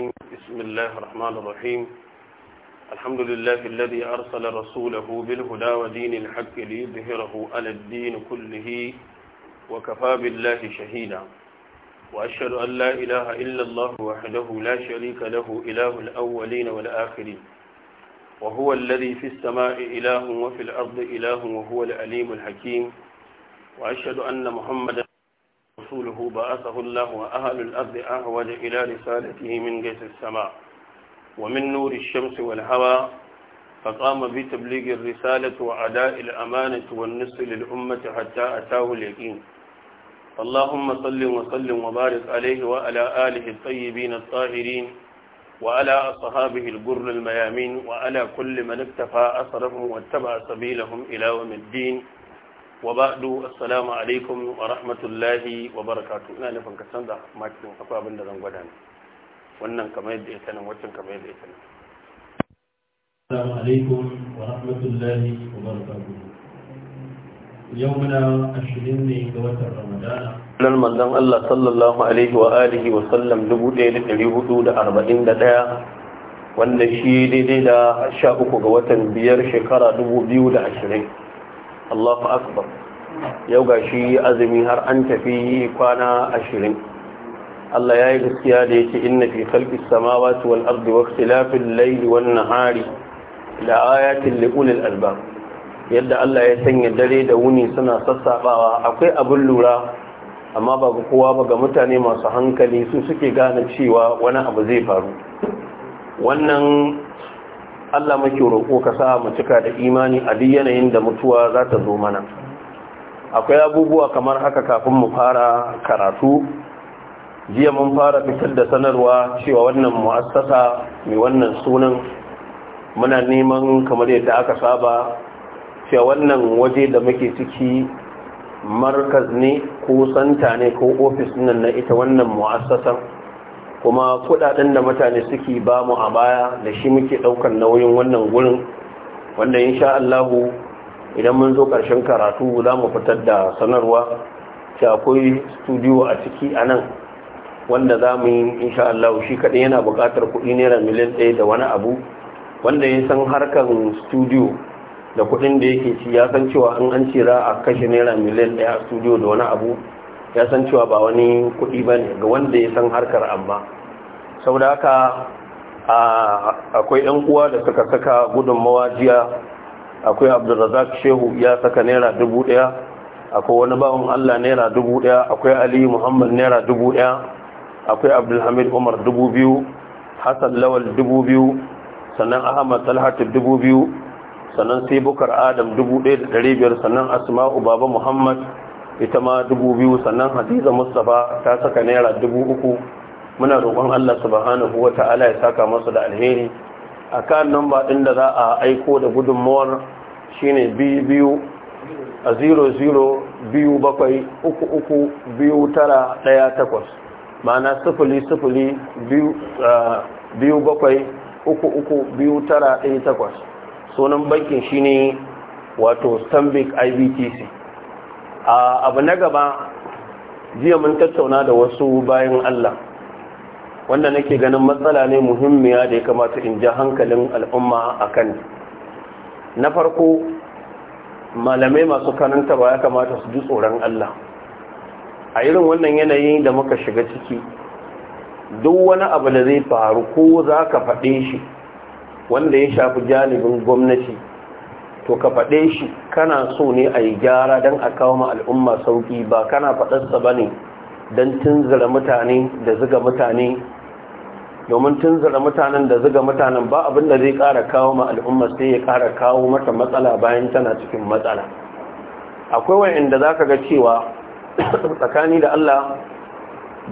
بسم الله الرحمن الرحيم الحمد لله الذي أرسل رسوله بالهدى ودين الحق ليظهره على الدين كله وكفى بالله شهيدا وأشهد أن لا إله إلا الله وحده لا شريك له إله الأولين والآخرين وهو الذي في السماء إله وفي الأرض إله وهو الأليم الحكيم وأشهد أن محمدا رسوله بعثه الله وأهل الأرض أهوج إلى رسالته من جيس السماء ومن نور الشمس والهوى فقام بتبليغ الرسالة وأداء الأمانة والنصر للأمة حتى أتاه اليقين اللهم صل وسلم وبارك عليه وعلى آله الطيبين الطاهرين وعلى أصحابه القر الميامين وعلى كل من اكتفى أثرهم واتبع سبيلهم إلى يوم الدين wa ba'du assalamu alaikum wa rahmatullahi wa barakatu ina nufin ka canza makin akwai abin da zan gwada ne wannan kamar yadda ya sanin waccan kamar yadda ya sanin assalamu alaikum wa rahmatullahi wa barakatu yau muna ashirin ne ga watan ramadana nan manzon Allah sallallahu alaihi wa alihi wa sallam 1441 wanda shi daidai da sha uku ga watan biyar shekara dubu biyu da ashirin Allahu akbar yau ga shi azumi har an tafi kwana ashirin Allah ya yi gaskiya da ya ce inna fi khalqis samawati wal ardi wa ikhtilafil layli wan nahari la ayatin li ulil albab yadda Allah ya sanya dare da wuni suna sassabawa akwai abin lura amma ba ga kowa ba ga mutane masu hankali su suke gane cewa wani abu zai faru wannan Allah muke roƙo ka sa mu cika da imani a duk yanayin da mutuwa za ta zo mana akwai abubuwa kamar haka kafin mu fara karatu jiya mun fara fitar da sanarwa cewa wannan mu'assasa mai wannan sunan muna neman kamar yadda aka saba cewa wannan waje da muke ciki markaz ne ko santa ne ko ofis nan na ita wannan mu'assasan kuma kudaden da mutane suke ba mu a baya da shi muke daukar nauyin wannan gurin wanda insha Allah idan mun zo karshen karatu za mu fitar da sanarwa ce akwai studio a ciki anan nan wanda za mu yi insha Allah shi kadai yana bukatar kuɗi naira miliyan ɗaya da wani abu wanda ya san harkar studio da kuɗin da yake ci ya san cewa an an cira a kashe naira miliyan ɗaya a studio da wani abu ya san cewa ba wani kuɗi ba ne ga wanda ya san harkar amma saboda haka akwai 'yan uwa da suka saka gudun mawajiya akwai abdulrazak shehu ya saka naira dubu daya akwai wani bawan allah naira dubu ɗaya akwai ali muhammad naira dubu ɗaya akwai abdulhamid umar dubu biyu hassan lawal dubu biyu sannan ahmad talhatu dubu biyu sannan sai bukar adam dubu ɗaya da ɗari biyar sannan asma'u baba muhammad ita ma dubu biyu sannan hadiza mustapha ta saka naira dubu uku muna roƙon Allah subhanahu wa ta'ala ya saka masa da alheri a akan namba ɗin da za a aiko da gudunmawar shine biyu a 0027331918 ma'ana 0027331918 sunan bankin shine wato stanbic ibtc abu na gaba jiya mun tattauna da wasu bayan allah wanda nake ganin matsala ne muhimmiya da ya kamata in ji hankalin al'umma a kan na farko malamai masu karanta ba ya kamata su ji tsoron Allah a irin wannan yanayin da muka shiga ciki duk wani abu da zai faru ko za ka faɗe shi wanda ya shafi janibin gwamnati to ka faɗe shi kana so ne a yi gyara don a kawo ma al'umma sauƙi ba kana faɗarsa ba ne don tunzura mutane da zuga mutane domin zara mutanen da zuga mutanen ba abin da zai kara kawo ma al'umma sai ya kara kawo mata matsala bayan tana cikin matsala akwai da za ka ga cewa tsakani da Allah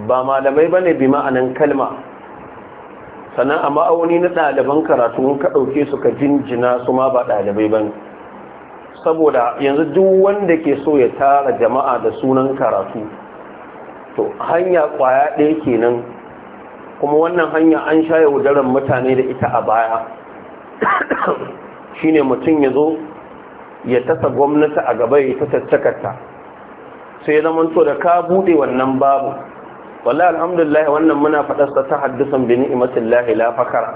ba malamai ba ne bi ma'anan kalma sannan a ma'auni na ɗaliban karatu in ka ɗauke su ka jinjina su ma ba ɗalibai ba saboda yanzu duk wanda ke so ya tara jama'a da sunan karatu to hanya ƙwaya ɗaya kenan kuma wannan hanya an sha yaudarar mutane da ita a baya shine mutum ya zo ya tasa gwamnati a gaba ya ta tattakarta sai zamanto da ka bude wannan babu wallahi alhamdulillah wannan muna faɗar sa tahaddusan bi ni'matillahi la fakara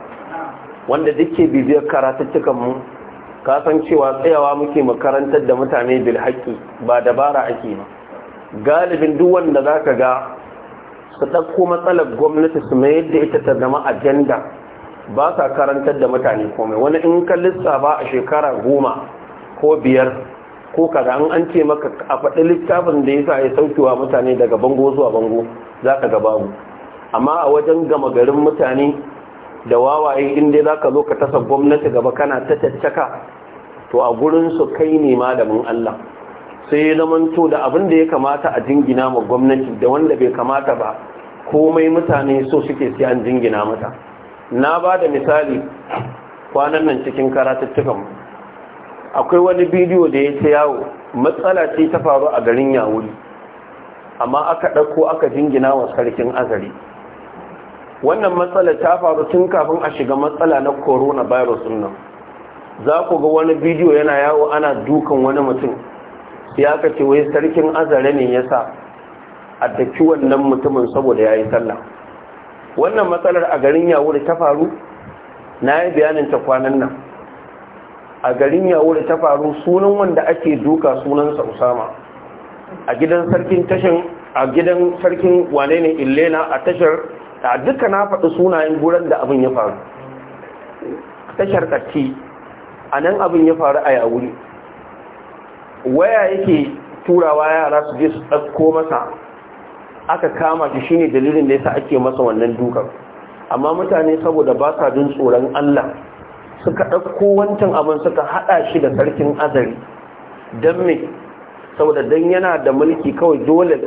wanda dake bibiyar karatuttukan mu ka san cewa tsayawa muke makarantar da mutane bil haqqi ba dabara ake ba galibin duk wanda zaka ga su ɗauko matsalar gwamnati su mai yadda ita ta zama ajanda ba sa karantar da mutane komai wani in ka lissafa a shekara goma ko biyar ko kaza an an ce maka a faɗi littafin da ya sa ya saukewa mutane daga bango zuwa bango za ka mu amma a wajen gama garin mutane da wawaye inda za ka zo ka tasa gwamnati gaba kana ta caccaka to a gurinsu kai ne malamin Allah sai ya zamanto da abin da ya kamata a jingina ma gwamnati da wanda bai kamata ba komai mutane so suke sai an jingina mata na ba da misali kwanan nan cikin karatattukan akwai wani bidiyo da ya ta yawo matsala ce ta faru a garin yawuri amma aka ɗauko aka jingina wa sarkin azari wannan matsala ta faru tun kafin a shiga matsala na coronavirus nan za ku ga wani bidiyo yana yawo ana dukan wani mutum sai aka ce wai sarkin azare ne ya sa a daki wannan mutumin saboda ya yi sallah wannan matsalar a garin yawuri ta faru na yi bayanin ta kwanan nan a garin yawuri ta faru sunan wanda ake duka sunansa usama a gidan sarkin tashin a gidan sarkin wane ne illena a tashar a duka na faɗi sunayen guran da abin ya faru tashar ƙarti a nan abin ya faru a yawuri waya yake turawa yara su je su ɗauko masa aka kama shi shine dalilin da yasa ake masa wannan dukan amma mutane saboda ba sa jin tsoron Allah suka ɗauko wancan abin suka haɗa shi da sarkin azari don me saboda don yana da mulki kawai dole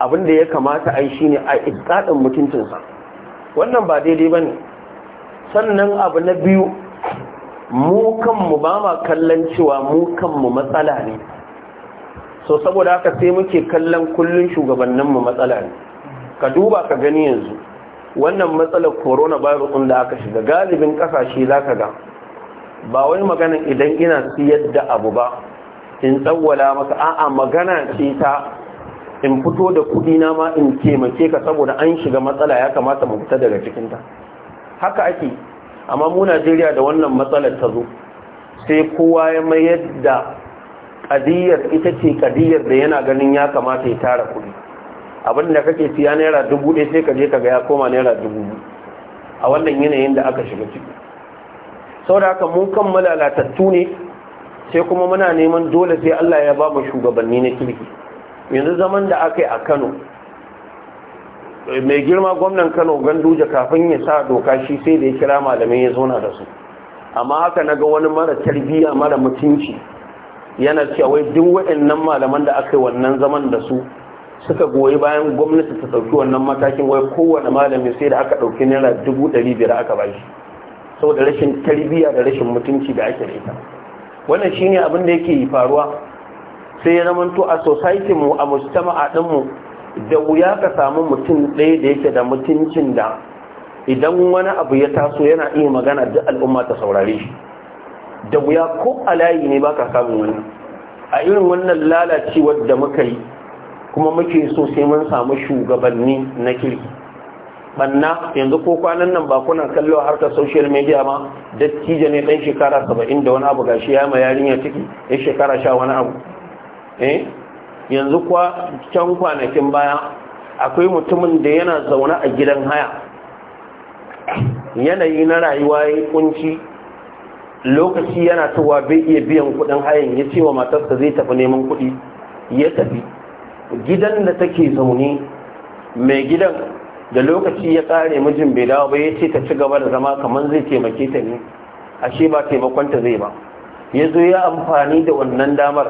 abin da ya kamata a yi shi ne a iskaɗin mutuncinsa wannan ba daidai ba ne sannan abu na biyu mu kanmu ba ma kallon cewa mu kanmu matsala ne so saboda haka sai muke kallon kullun shugabanninmu matsala ne ka duba ka gani yanzu wannan matsalar virus din da aka shiga galibin ƙasashe zaka ga ba wai magana idan ina siyar da abu ba in tsawwala maka a'a magana ce ta in fito da na ma in taimake ka saboda an shiga matsala ya kamata mu fita daga cikin ta haka ake amma mu najeriya da wannan matsalar ta zo sai kowa ya mayar da kadiyar ita ce kadiyar da yana ganin ya kamata ya tara kuɗi abin kake siya naira dubu ɗaya sai ka je ka ga ya koma naira dubu a wannan yanayin da aka shiga ciki sau da haka mun kammala latattu ne sai kuma muna neman dole sai Allah ya ba mu shugabanni na kirki yanzu zaman da aka yi a Kano mai girma gwamnan Kano ganduja kafin ya sa doka shi sai da ya kira malamai ya zauna da su amma haka na ga wani mara tarbiyya mara mutunci yana cewa wai duk waɗannan malaman da aka yi wannan zaman da su suka goyi bayan gwamnati ta sauki wannan matakin wai kowane malami sai da aka ɗauki naira dubu ɗari biyar aka ba shi saboda rashin tarbiyya da rashin mutunci da ake da ita wannan shine abin da yake faruwa sai ya zamanto a society mu a mujtama'a din mu da wuya ka samu mutum ɗaya da yake da mutuncin da idan wani abu ya taso yana iya magana duk al'umma ta saurare shi da wuya ko a layi ne ba ka samun wani. a irin wannan lalacewar da muka yi kuma muke so sai mun samu shugabanni na kirki banna yanzu ko kwanan nan ba kuna kallo harkar social media ma dattijo ne dan shekara 70 da wani abu gashi ya ma yarinya ciki ya shekara sha wani abu eh, yanzu kwa can kwanakin baya akwai mutumin da yana zaune a gidan haya yanayi na rayuwa ya kunci lokaci yana cewa bai iya biyan kuɗin hayan ya ce wa matarsa zai tafi neman kuɗi ya tafi gidan da take zaune mai gidan da lokaci ya kare mijin bai dawo bai ya ce ta ci gaba da zama kamar zai taimake ta ne ashe ba taimakonta zai ba ya zo ya amfani da wannan damar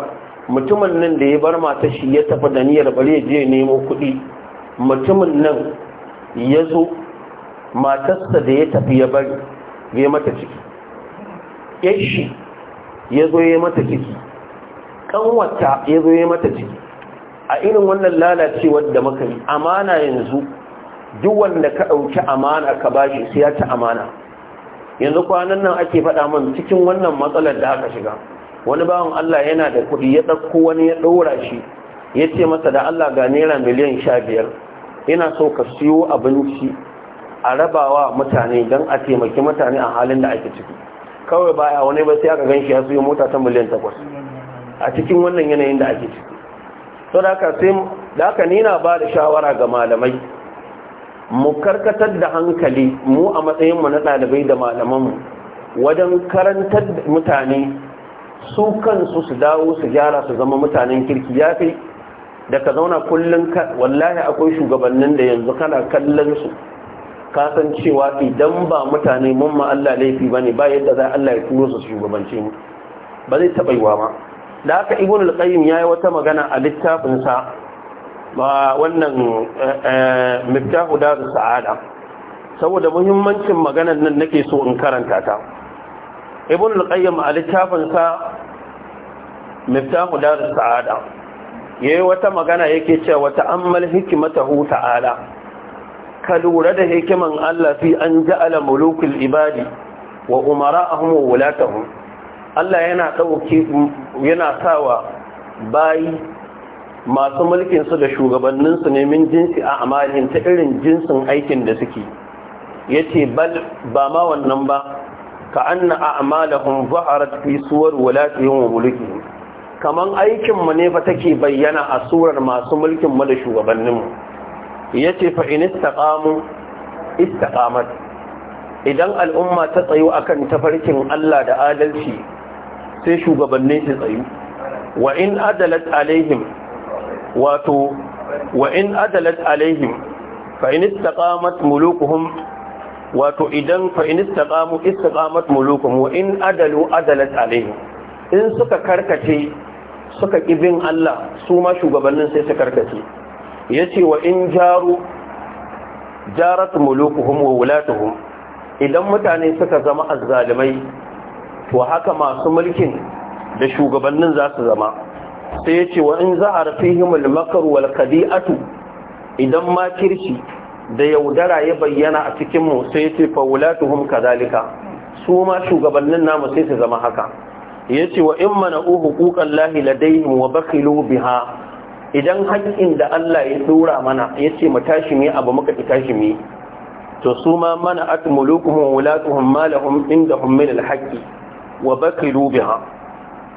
mutumin nan da ya bar mata shi ya tafi da niyyar bari ya je nemo kuɗi mutumin nan ya zo matarsa da ya tafi ya bari ya mata ciki shi ya zo ya mata ciki kanwata ya zo ya mata ciki a irin wannan lalacewar da muka yi amana yanzu duk wanda ka ɗauki amana ka bashi sai ya ci amana yanzu kwanan nan ake faɗa min cikin wannan matsalar da aka shiga wani bawan Allah yana da kuɗi ya ɗauko wani ya ɗora shi ya ce masa da Allah ga naira miliyan sha biyar yana so ka siyo abinci a rabawa mutane don a taimaki mutane a halin da ake ciki kawai ba a wani ba sai aka gan shi ya siyo mota ta miliyan takwas a cikin wannan yanayin da ake ciki so da aka sai da aka nina ba da shawara ga malamai mu karkatar da hankali mu a matsayin mu na ɗalibai da malaman mu wajen karantar da mutane su kansu su dawo su gyara su zama mutanen kirki ya fi da ka zauna kullum wallahi akwai shugabannin da yanzu kana kallon su ka san cewa idan ba mutane mun ma Allah laifi ba ne, ba yadda za Allah ya turo su shugabanci mu ba zai taba yiwa ma da haka ibn al-qayyim yayi wata magana a littafin sa ba wannan eh, eh, miftahu dar sa'ada saboda muhimmancin maganar nan nake so in karanta ta ibn al-qayyim a littafin sa miftahu dar sa'ada yayi wata magana yake cewa ta'ammal hikmatahu ta'ala ka lura da hikiman Allah fi an ala mulukul ibadi wa umara'ahum wa wulatahum Allah yana ɗauki yana sawa bayi masu mulkin da shugabanninsu neman ne jinsi a amalin ta irin jinsin aikin da suke Ya ce ba ma wannan ba ka anna a'malahum zaharat fi suwar wulatihim wa mulukihim kaman aikin ne fa take bayyana a surar masu mulkinmu da shugabanninmu. ya ce fa'in istaƙamu istaƙamar idan al'umma ta tsayu akan tafarkin Allah da adalci sai shugabanni su tsayu wa in adalat alaihim wato wa in adalat alaihim fa'in istaƙamat mulukuhum wato idan fa'in istaƙamu istaƙamat mulukuhum wa in adalu adalat alaihim in suka karkace suka ƙibin Allah su ma shugabannin sai su karkace yace wa in jaru jarat mulukuhum wa wulatuhum idan mutane suka zama azzalimai to haka masu mulkin da shugabannin za su zama sai ya ce wa in za'ar fihim al-makr wal qadi'atu idan ma kirshi da yaudara ya bayyana a cikin mu sai ya ce fa wulatuhum kadalika su ma shugabannin namu sai su zama haka yace wa in mana'u huquqan lahi ladayhim wa bakhilu biha idan haƙƙin da Allah ya tsura mana ya ce mu tashi mu abu muka ki tashi mu to su ma mana atmulukum wa wulatuhum ma lahum indahum min alhaqi wa bakiru biha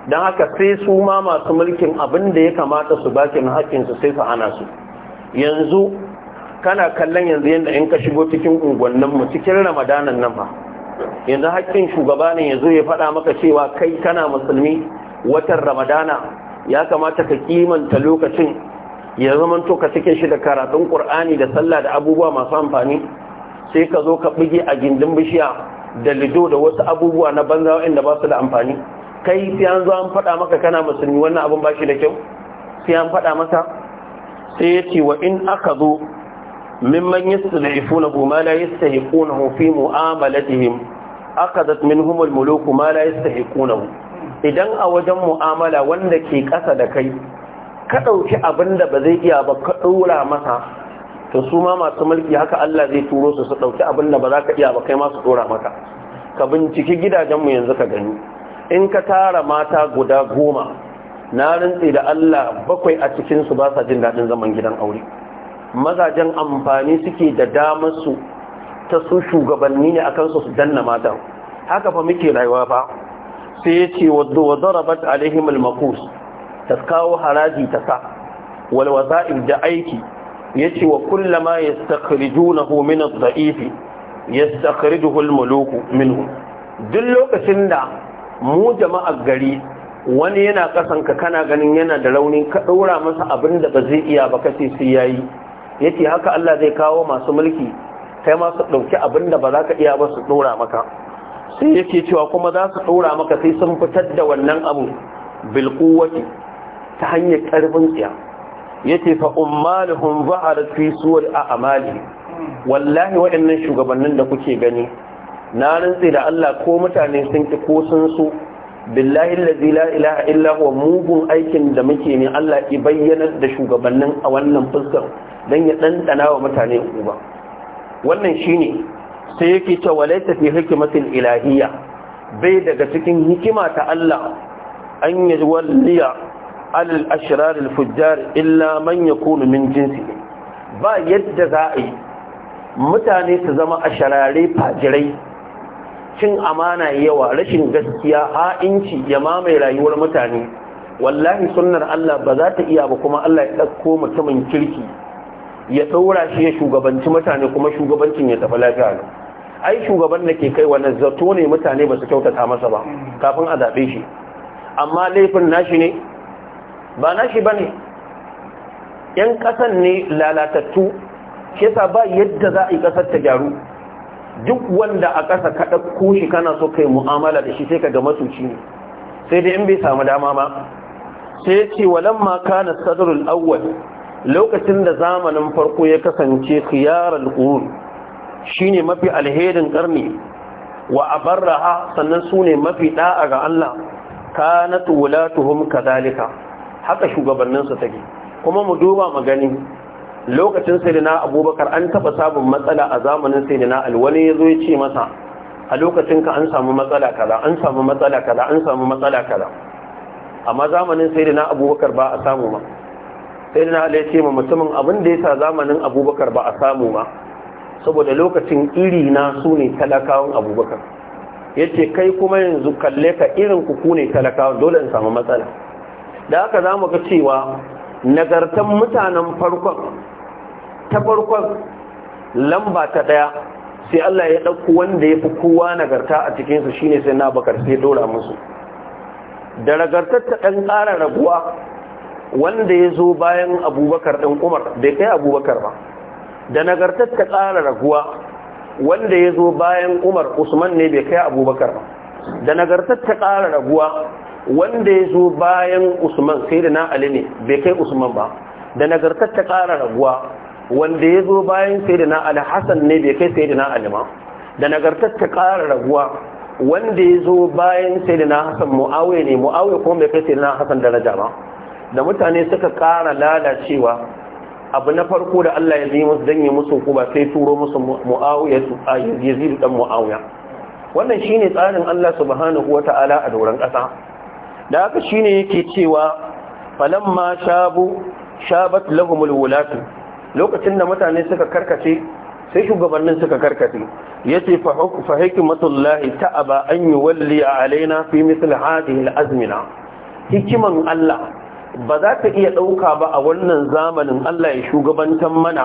dan haka sai su ma masu mulkin abin da ya kamata su bakin haƙƙin su sai su ana su yanzu kana kallon yanzu yanda in ka shigo cikin unguwanninmu mu cikin ramadanan nan ba yanzu haƙƙin shugaba ne ya zo ya faɗa maka cewa kai kana musulmi watan ramadana ya kamata ka kimanta lokacin ya zamanto ka cikin shi da karatun ƙur'ani da sallah da abubuwa masu amfani sai ka zo ka bige a gindin bishiya da lido da wasu abubuwa na banza waɗanda ba su da amfani kai sai an zo an faɗa maka kana musulmi wannan abin ba shi da kyau sai an faɗa maka sai ya ce wa in aka zo mimman yastad'ifunahu ma la yastahiqunahu fi mu'amalatihim akadat minhum al-muluk ma la yastahiqunahu idan a wajen mu'amala wanda ke ƙasa da kai ka ɗauki abin da ba zai iya ba ka ɗora masa to su ma masu mulki haka Allah zai turo su su ɗauki abin da ba za ka iya ba kai masu su ɗora maka ka binciki gidajenmu yanzu ka gani in ka tara mata guda goma na rintse da Allah bakwai a cikinsu ba sa jin daɗin zaman gidan aure mazajen amfani suke da damar su ta su shugabanni ne akan su su danna matan haka fa muke rayuwa ba? sai ya ce wa darabat alaihim al Makus ta kawo haraji ta sa walwaza in da aiki Ya ce wa kullama yastakhrijunahu min ad-da'if yastakhrijuhu al-muluk minu. duk lokacin da mu jama'ar gari wani yana kasanka kana ganin yana da rauni ka ɗora masa abin da ba zai iya ba kace sai yayi ce haka Allah zai kawo masu mulki kai ma su ɗauki abin da ba za ka iya ba su ɗora maka sai yake cewa kuma za su ɗora maka sai sun fitar da wannan abu bilkuwati ta hanyar ƙarfin tsaya. ya ce fa ummaluhum zaharat fi suwar a amali wallahi waɗannan shugabannin da kuke gani na rantse da Allah ko mutane sun ki ko sun so billahi lalzi la illahu wa mugun aikin da muke ne Allah ki bayyanar da shugabannin a wannan fuskar don ya ɗanɗana wa mutane uba wannan shi ne. sai yake cewa walaita fi hikimatin ilahiyya bai daga cikin hikima ta Allah an yi walliya alal ashrar al fujjar illa man yakunu min jinsi ba yadda za a yi mutane su zama asharare fajirai cin amana yawa rashin gaskiya ha'inci ya mamaye rayuwar mutane wallahi sunnar Allah ba za ta iya ba kuma Allah ya ɗauko mutumin kirki ya ɗaura shi ya shugabanci mutane kuma shugabancin ya tafi lafiya ai shugaban da ke kai wa zato ne mutane ba su kyautata masa ba kafin a zaɓe shi amma laifin nashi ne ba nashi ba ne ‘yan ƙasan ne lalatattu kesa ba yadda za a yi ƙasar ta gyaru duk wanda a ƙasa ka ɗauko shi kana so kai mu'amala da shi sai ka ga masuci ne sai dai in bai samu dama ba sai ce walamma kana sadrul awwal lokacin da zamanin farko ya kasance khiyarar qurun shine mafi alherin karni wa abarraha sannan su ne mafi da'a ga Allah kanat wulatuhum kadhalika haka shugabannin su take kuma mu duba magani lokacin sayyidina Abubakar an taba sabon matsala a zamanin sayyidina alwani yazo ya ce masa a lokacin ka an samu matsala kaza an samu matsala kaza an samu matsala kaza amma zamanin sayyidina Abubakar ba a samu ma sai na ya ce ma mutumin abin da ya sa zamanin abubakar ba a samu ma saboda lokacin iri na su ne talakawan abubakar ya ce kai kuma yanzu kalle ka irin kuku ne talakawan dole in samu matsala da haka za mu ga cewa nagartan mutanen farkon ta farkon lamba ta ɗaya sai Allah ya ɗauko wanda ya fi kowa nagarta a cikinsu shine sai na bakar sai dora musu da nagartar ta ɗan ƙara raguwa wanda ya zo bayan abubakar ɗan umar bai kai abubakar ba da nagartar ta ƙara raguwa wanda ya zo bayan umar usman ne bai kai abubakar da nagartar ta ƙara raguwa wanda ya zo bayan usman sai da na ali ne bai kai usman ba da nagartar ta ƙara raguwa wanda ya zo bayan sai da na ali hassan ne bai kai sai da na ali ma da nagartar ta ƙara raguwa wanda ya zo bayan sai da na hassan mu'awai ne mu'awai kuma bai kai sai da na hassan daraja ba da mutane suka ƙara lalacewa abu na farko da Allah ya zai musu danye musu hukuma sai turo musu mu'awiya su a yazidu dan mu'awiya wannan shine tsarin Allah subhanahu wata'ala a doron ƙasa da haka shine yake cewa falamma shabu shabat lahumul wulatu lokacin da mutane suka karkace sai shugabannin suka karkace yace fa fa hikmatullahi ta'aba an yuwalli alaina fi mithli hadhihi al-azmina hikiman Allah ba za ta iya ɗauka ba a wannan zamanin Allah ya shugabantan mana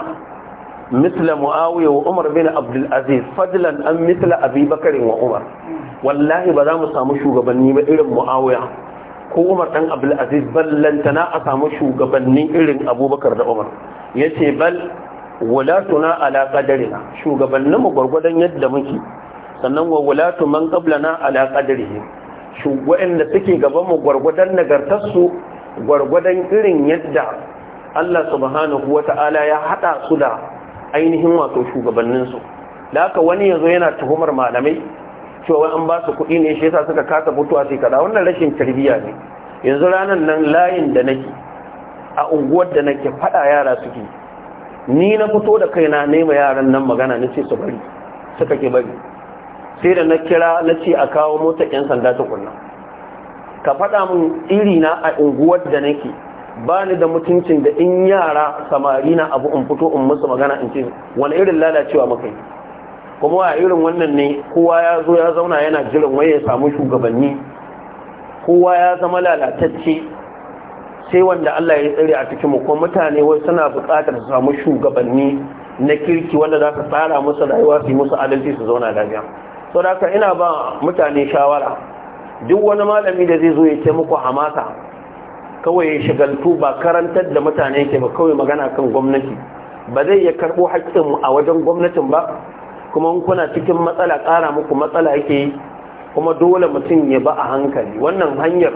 misla mu'awiyar wa umar bin abdulaziz fadlan an misla abubakarin wa umar wallahi ba za mu samu shugabanni ba irin mu'awiyar ko umar ɗan abdulaziz na a samu shugabannin irin abubakar da umar ya ce bal wulatuna ala shugabannin shugabanninmu gwargwadon yadda muke sannan wa wulatu man qablana ala qadarihi shugabannin da suke gaban mu gwargwadon nagartarsu gwargwadon irin yadda Allah subhanahu wata'ala ya hada su da ainihin wato shugabanninsu da aka wani yanzu yana tuhumar malamai cewa an ba su kuɗi ne shi yasa suka kasa mutuwa sai kada wannan rashin tarbiyya ne yanzu ranar nan layin da nake a unguwar da nake faɗa yara suke ni na fito da kaina nema yaran nan magana na ce su bari suka ke bari sai da na kira na ce a kawo motar 'yan sanda ta tukunna ka faɗa min iri na a unguwar da nake ba ni da mutuncin da in yara samari na abu in fito in musu magana in ce wani irin lalacewa maka kuma a irin wannan ne kowa ya zo ya zauna yana jiran waye ya samu shugabanni kowa ya zama lalatacce sai wanda Allah ya tsare a cikin mu kuma mutane wai suna buƙatar su samu shugabanni na kirki wanda za su tsara musu rayuwa su yi musu adalci su zauna lafiya saboda haka ina ba mutane shawara duk wani malami da zai zo ya ce muku hamata kawai ya shagaltu ba karantar da mutane ke ba kawai magana kan gwamnati ba zai ya karɓo haƙƙinmu a wajen gwamnatin ba kuma kuna cikin matsala ƙara muku matsala yake kuma dole mutum ya ba a hankali wannan hanyar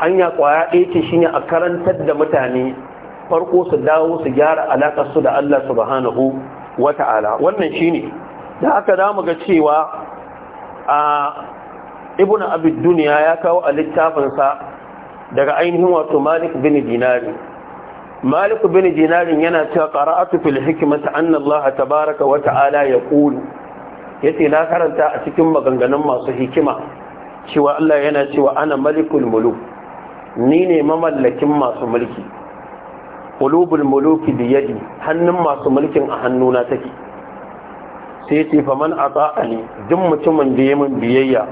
hanya ƙwaya ɗaya ce shine a karantar da mutane farko su dawo su gyara alaƙar su da Allah subhanahu wata'ala wannan shine da aka damu ga cewa a ibn abid duniya ya kawo a littafinsa daga ainihin wato malik bin dinari malik bin dinarin yana cewa qara'atu fil hikmata anna allah tabaaraka wa ta'ala yaqulu yace na karanta a cikin maganganun masu hikima cewa allah yana cewa ana malikul muluk ni ne mamallakin masu mulki qulubul muluki bi yadi hannun masu mulkin a hannuna take sai ce faman ata'ani duk mutumin da yayin biyayya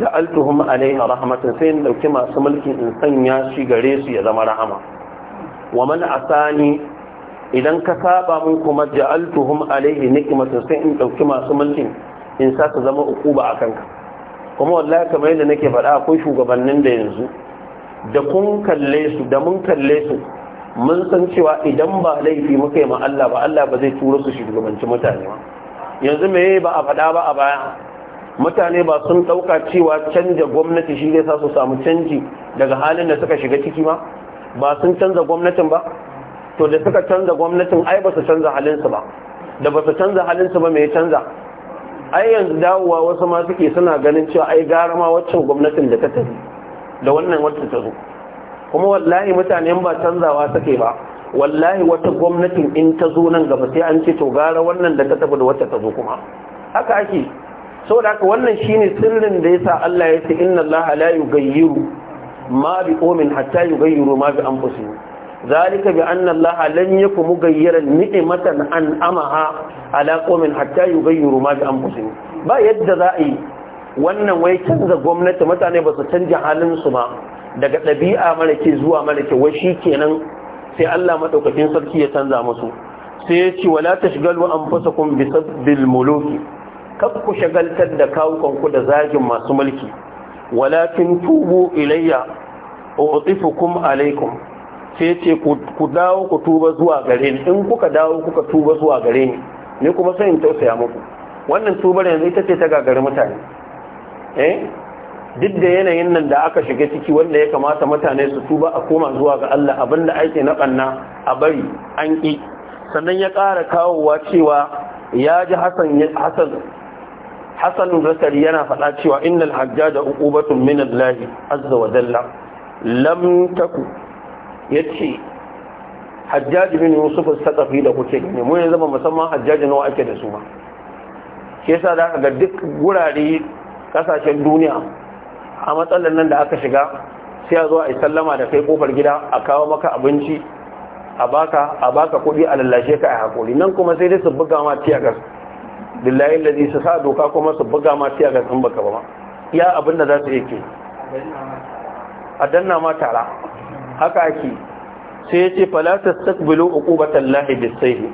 ja'altuhum alayhi rahmatan sai in dauki masu mulkin in sanya shi gare su ya zama rahama wa man asani idan ka saba mun kuma ja'altuhum alayhi nikmatan sai in dauki masu mulkin in sa su zama ukuba akan ka kuma wallahi kamar yadda nake faɗa akwai shugabannin da yanzu da kun kalle su da mun kalle su mun san cewa idan ba laifi muka yi ma Allah ba Allah ba zai turo su shugabanci mutane ba yanzu me ba a faɗa ba a baya mutane ba sun ɗauka cewa canja gwamnati shi zai sa su samu canji daga halin da suka shiga ciki ba ba sun canza gwamnatin ba to da suka canza gwamnatin ai ba su canza halinsu ba da ba su canza halinsu ba mai canza ai yanzu dawowa wasu ma suke suna ganin cewa ai gara ma waccan gwamnatin da ta tafi da wannan wacce ta zo kuma wallahi mutane ba canzawa take ba wallahi wata gwamnatin in ta zo nan gaba sai an ce to gara wannan da ta tafi da wacce ta zo kuma haka ake saboda haka wannan shi ne sirrin da yasa Allah ya ce inna Allah la yughayyiru ma bi qawmin hatta yughayyiru ma bi anfusihim zalika bi anna Allah lan yakun mughayyiran ni'matan an'amaha ala qawmin hatta yughayyiru ma bi anfusihim ba yadda za a yi wannan wai canza gwamnati mutane ba su canja halin su ba daga ɗabi'a mara zuwa mara wai shi kenan sai Allah madaukakin sarki ya canza musu sai ya ce wala tashgalu anfusakum bi sabbil muluki ku shagaltar da kawukanku da zagin masu mulki walakin tubu ilayya u'tifukum alaikum sai ce ku dawo ku tuba zuwa gare ni in kuka dawo kuka tuba zuwa gare ni ni kuma sai in tausaya muku wannan tubar yanzu ita ce ta gagari mutane eh duk da yanayin nan da aka shiga ciki wanda ya kamata mutane su tuba a koma zuwa ga Allah abinda ake na kanna a bari an ki sannan ya ƙara kawowa cewa ya ji Hassan Hassan hasan basri yana faɗa cewa innal hajjaja uqubatun min Allah azza wa jalla lam taku yace hajjaj bin yusuf al-saqafi da kuke gani mu ne zama musamman hajjaj nawa ake da su ba ke yasa da ga duk gurare kasashen duniya a matsalar nan da aka shiga sai a zo a yi sallama da kai kofar gida a kawo maka abinci a baka a baka kuɗi a lallashe ka a hakuri nan kuma sai dai su buga ma tiyagar billahi ladhi su sa doka kuma su buga ma tiya ga san baka ba Ya abinda abin da za su yake a danna ma tara haka ake sai ya ce fala tastaqbilu uqubatan lahi bisayhi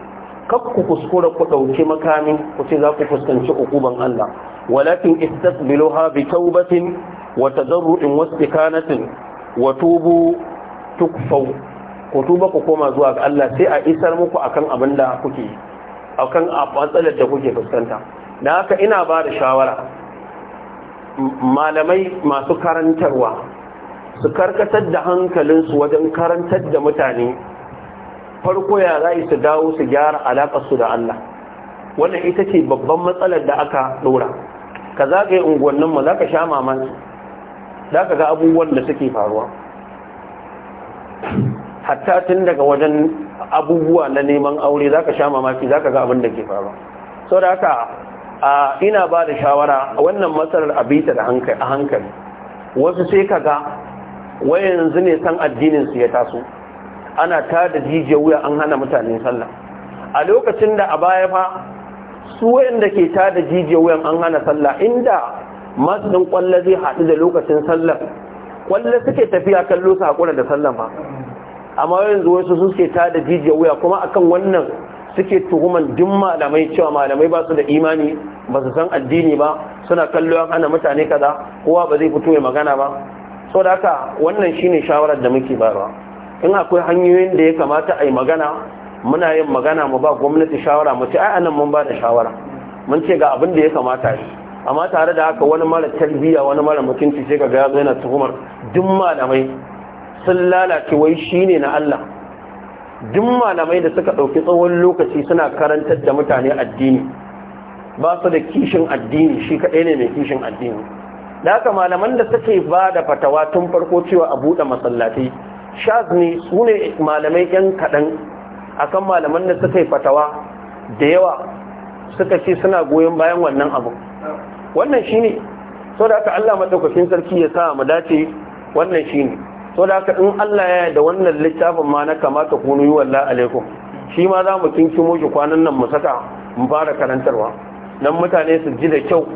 kakku kuskura ku dauke makami ku ce za ku fuskanci uquban Allah walakin istaqbiluha bi tawbatin wa tadarru'in istikanatin wa tubu tukfau ku tuba ku koma zuwa ga Allah sai a isar muku akan abin da kuke yi a matsalar da kuke fuskanta da haka ina ba da shawara malamai masu karantarwa su karkatar da hankalinsu wajen karantar da mutane farko ya za su dawo su gyara alaƙarsu da Allah wannan ita ce babban matsalar da aka ɗora ka yi unguwanninmu za ka sha mamansu. za ka ga abubuwan da suke faruwa hatta tun daga wajen abubuwa na neman aure zaka sha mamaki zaka ga abin da ke faru da haka ina ba da shawara wannan matsalar abita da hankali a hankali wasu sai ka ga yanzu ne san addinin su ya taso ana ta da jijiyar wuya an hana mutane sallah a lokacin da a baya fa su wayanda ke ta da jijiyar wuyan an hana sallah inda masu ɗin ƙwallo zai haɗu da lokacin sallah ƙwallo suke tafiya kallo su haƙura da sallah ba amma yanzu wasu suke ta da jijiya wuya kuma akan wannan suke tuhuman duk malamai cewa malamai ba su da imani ba su san addini ba suna kallo hana mutane kaza kowa ba zai fito ya magana ba so da haka wannan shine shawarar da muke bayarwa in akwai hanyoyin da ya kamata a yi magana muna yin magana mu ba gwamnati shawara mu ce ai anan mun ba da shawara mun ce ga abin da ya kamata yi amma tare da haka wani mara tarbiyya wani mara mutunci sai ga ya zo yana tuhumar duk malamai sun lalace wai shine na Allah duk malamai da suka ɗauki tsawon lokaci suna karantar da mutane addini ba su da kishin addini shi kaɗai ne mai kishin addini da haka malaman da suke ba da fatawa tun farko cewa a buɗe masallatai shaz ne su ne malamai yan kaɗan akan malaman da suka yi fatawa da yawa suka ce suna goyon bayan wannan abu wannan shine sau da aka Allah maɗaukakin sarki ya sa mu dace wannan shine to da haka in Allah ya da wannan littafin ma na kamata ku nuyi walla alaikum shi ma za mu kinkimo muke kwanan nan mu saka mu fara karantarwa nan mutane su ji da kyau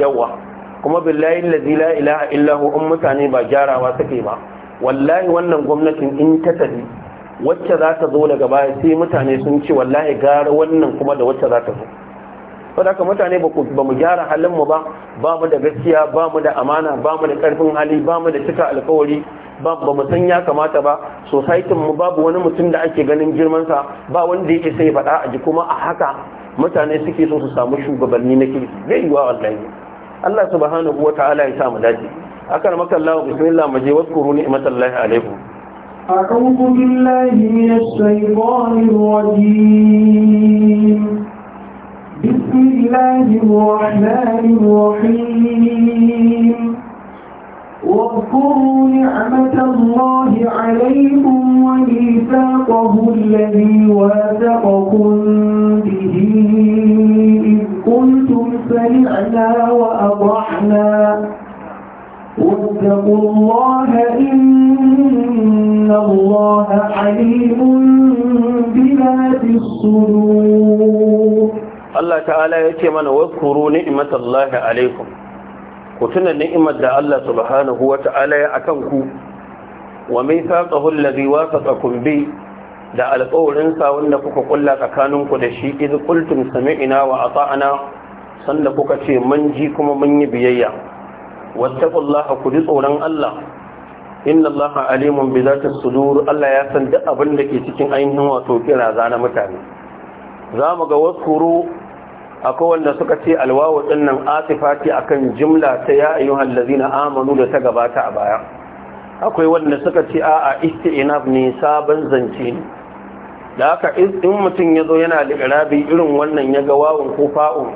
yawa kuma billahi allazi la ilaha illa hu um mutane ba gyarawa suke ba wallahi wannan gwamnatin in ta tafi wacce za ta zo daga baya sai mutane sun ce wallahi gara wannan kuma da wacce za ta zo saboda mutane ba mu gyara halin mu ba ba mu da gaskiya ba mu da amana ba mu da karfin hali ba mu da cika alkawari ba mu san ya kamata ba society mu babu wani mutum da ake ganin girman sa ba wanda yake sai faɗa a ji kuma a haka mutane suke so su samu shugabanni na kirki zai yiwa wallahi Allah subhanahu wata'ala ya sa mu dace akan makallahu bismillah mu je waskuru ni'matallahi alaikum أعوذ بالله من الشيطان الرجيم بسم الله الرحمن الرحيم واذكروا نعمة الله عليكم وميثاقه الذي واثقكم به إذ قلتم سمعنا وأضحنا واتقوا الله إن الله عليم بذات الصدور الله تعالى يتمنى واذكروا نعمة الله عليكم ku tuna ni'imar da Allah subhanahu wa ta'ala ya akan ku wa mithaqahu wasa wathaqakum da alƙawarin sa wanda kuka kulla tsakanin ku da shi idh qultum sami'na wa sa'ana sanda kuka ce mun ji kuma mun yi biyayya wattaqullaha ku ji tsoron Allah inna allaha alimun bi zati sudur Allah ya san duk abin da ke cikin ainihin wato kira na mutane za mu ga wasu akwai wanda suka ce alwawu dinnan a akan jumla ta ya ayyuhal ladina amanu da ta gabata a baya akwai wanda suka ce a'a isti'naf ne sabon zance ne da haka in mutum ya zo yana da irabi irin wannan ya ga wawon ko fa'u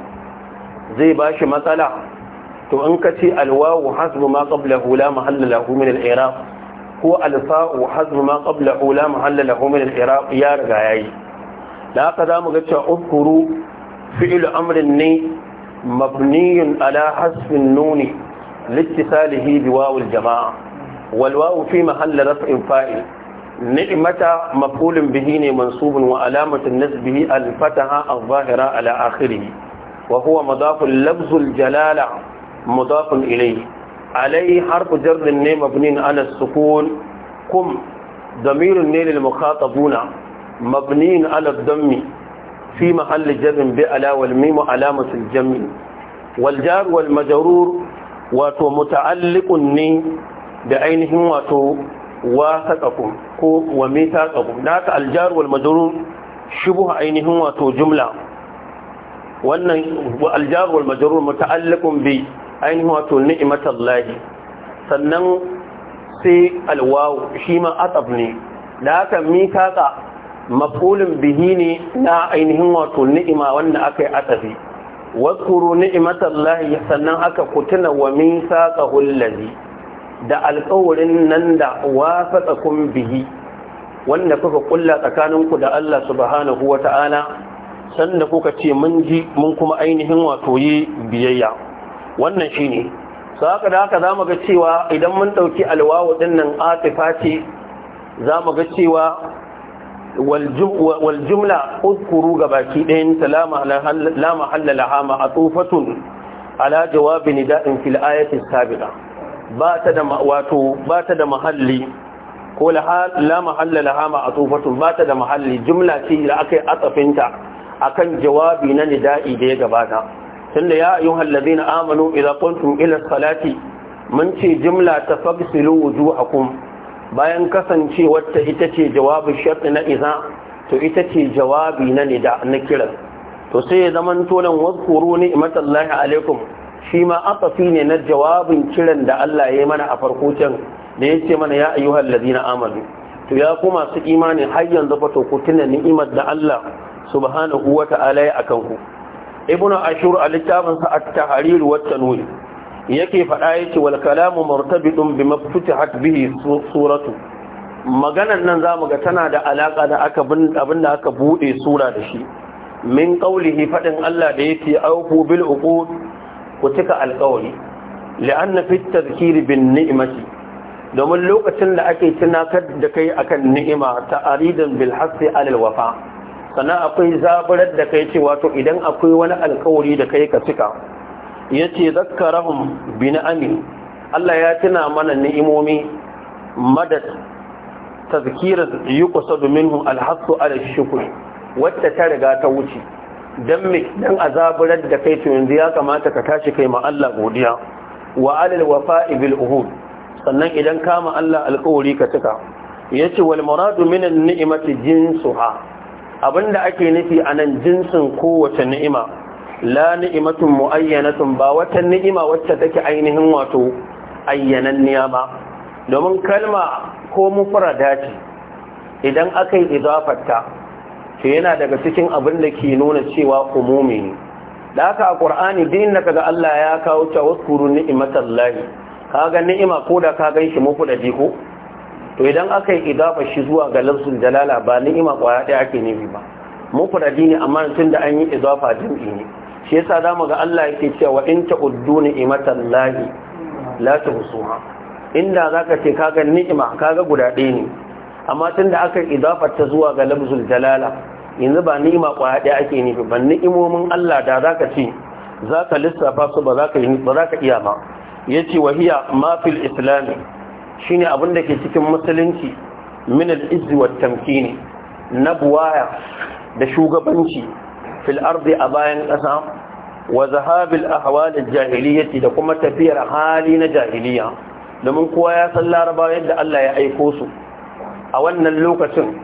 zai ba shi matsala to in ka ce alwawu hasbu ma qablahu la mahalla lahu min al ko alfa'u hasbu ma qablahu la mahalla lahu min al-i'rab ya riga yayi da haka zamu ga cewa ukuru fi'il amrin ne mabniyun ala Hasbin nuni littisalihi salihi wawul jama'a wal wawu fi mahalli raf'in fa'il ni'mata maf'ulun bihi ne mansubun wa alamatu nasbihi al fataha adh-dhahira ala akhirih wa huwa mudafun lafzul jalala mudafun ilayhi عليه حرف جر مبني على السكون قم ضمير للمخاطبون مبني على الضم في محل جر بألا والميم علامة الجمع والجار والمجرور واتو متعلق ني بعينهم واتو واثقكم وميثاقكم ذات الجار والمجرور شبه عينهم واتو جملة وأن الجار والمجرور متعلق بعينهم واتو نعمة الله سنن سي الواو شيما أطب ني ذات ميثاق mafulin bihi ne na ainihin wato ni'ima wanda aka yi atafi waskuru ni'imatallahi sannan aka kutuna wa min saqahul ladhi da alƙawarin nan da wasaqakum bihi wanda kuka kulla tsakaninku da Allah subhanahu wata'ala sanda kuka ce mun ji mun kuma ainihin wato yi biyayya wannan shine haka da haka za mu ga cewa idan mun ɗauki alwawu dinnan atifa ce mu ga cewa waljumla uskuru ga baki ɗayan ta la mahalla laha ma a tsofatun ala jawabi ni da'in fil ayatin sabiqa da wato ba ta da mahalli ko la mahalla laha ma a tsofatun ba ta da mahalli jumla ce da aka yi atsafinta akan jawabi na nida'i da ya gabata tunda ya ayyuha allazina amanu idza qultum ila salati mun ce jumla tafsilu wujuhakum bayan kasancewarta ita ce jawabin shafi na iza to ita ce jawabi na nida na kiran to sai ya zaman tolan waskuru ni imatallahi alaikum shi ma asafi ne na jawabin kiran da Allah ya yi mana a farko can da ya ce mana ya ayyuhal na Amadu, to ya kuma su imani har yanzu fa to ku tuna ni'imar da Allah subhanahu wata'ala ya akan ku ibnu ashur al-kitabin sa at-tahrir wa at-tanwir yake faɗa yake wal kalamu martabitun bi futihat bihi suratu maganan nan zamu ga tana da alaka da aka abin da aka bude sura da shi min qawlihi fadin Allah da yake auku bil uqud ku cika alƙawari li'anna fi tadhkiri bin ni'mati domin lokacin da ake tunakar da kai akan ni'ima ta aridan bil hasi alal wafa sana akwai zaburar da kai cewa to idan akwai wani alƙawari da kai ka cika ya ce zakkarahum bi na'ami Allah ya tuna mana ni'imomi madad tazkira yuqsad minhu alhasu ala shukr wacce ta riga ta wuce dan me dan da kai to yanzu ya kamata ka tashi kai ma Allah godiya wa alal wafa ibil uhud sannan idan kama Allah alkawari ka cika. Ya ce wal muradu min ni'imati jinsu ha? abinda ake nufi a nan jinsin kowace ni'ima la ni'matun mu'ayyanatun ba wata ni'ima wacce take ainihin wato ayyananniya ba domin kalma ko mufrada ce idan aka yi idafarta to yana daga cikin abin da ke nuna cewa umumi ne da haka a ƙur'ani din da kaga Allah ya kawo ta waskuru ni'matallahi kaga ni'ima ko da ka ganshi ji ko to idan aka yi idafa shi zuwa ga lafzul jalala ba ni'ima kwaya ɗaya ake nufi ba ji ne amma tun da an yi idafa jam'i ne shi yasa zamu ga Allah yake cewa in ta ta'uddu ni'matan lahi la husuha inda ka ce kaga ni'ima kaga guda ɗaya ne amma tun da aka idafa ta zuwa ga lamzul jalala yanzu ba ni'ima kwaya ɗaya ake nufi ba ni'imomin Allah da za ka ce za ka lissafa su ba ka yi ba ya iya ba yace wahiya ma fil islam shine abin da ke cikin musulunci min al-izz wa tamkini na buwaya da shugabanci fil ardi a bayan ƙasa wa zahabil ahwal jahiliyyati da kuma tafiyar hali na jahiliya domin kowa ya san laraba yadda Allah ya aiko su a wannan lokacin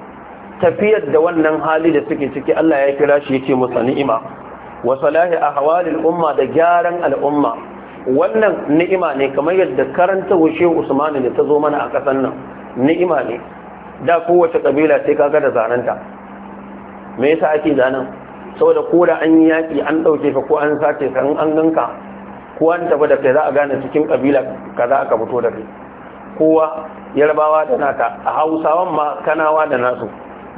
tafiyar da wannan hali da suke ciki Allah ya kira shi yake musu ni'ima wa salahi ahwalil umma da gyaran al'umma wannan ni'ima ne kamar yadda karanta wushe Usman ne ta zo mana a kasan nan ni'ima ne da kowace kabila sai ga da zanenta. me yasa ake zanen? saboda ko da an yi yaƙi an ɗauke fa ko an sace ka an ganka ko an tafi da kai za a gane cikin ƙabila za aka fito da kai kowa yarbawa da naka a hausawan ma kanawa da nasu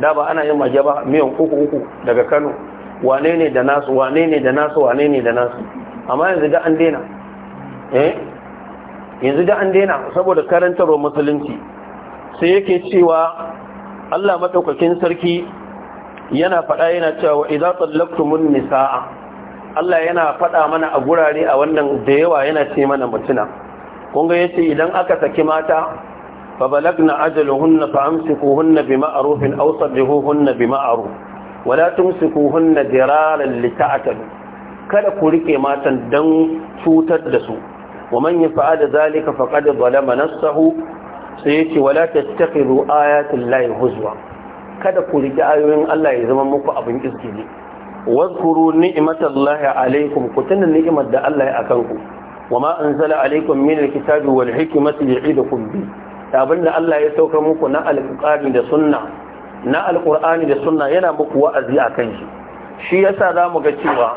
da ba ana yin maje ba miyan uku uku daga kano wane ne da nasu wane ne da nasu wane ne da nasu amma yanzu da an daina eh yanzu da an daina saboda karantarwa musulunci sai yake cewa Allah madaukakin sarki yana faɗa yana cewa idza tallaqtumun nisaa Allah yana faɗa mana a gurare a wannan da yawa yana ce mana mutuna kun ga yace idan aka saki mata fa balagna ajaluhunna fa amsikuhunna bima'rufin aw sarrihuhunna bima'ruf wala tumsikuhunna diraran lita'tadu kada ku rike matan dan cutar da su ومن يفعل ذلك فقد ظلم نفسه سيتي wala تتخذوا آيات الله هزوا kada ku riƙe ayoyin Allah ya zama muku abin izgili wazkuru ni'matallahi alaikum ku tuna ni'imar da Allah ya akan ku wama anzala alaikum min alkitabi wal hikmati ya'idukum bi abin Allah ya sauka muku na alqur'ani da sunna na alqur'ani da sunna yana muku wa'azi akan shi shi yasa zamu ga cewa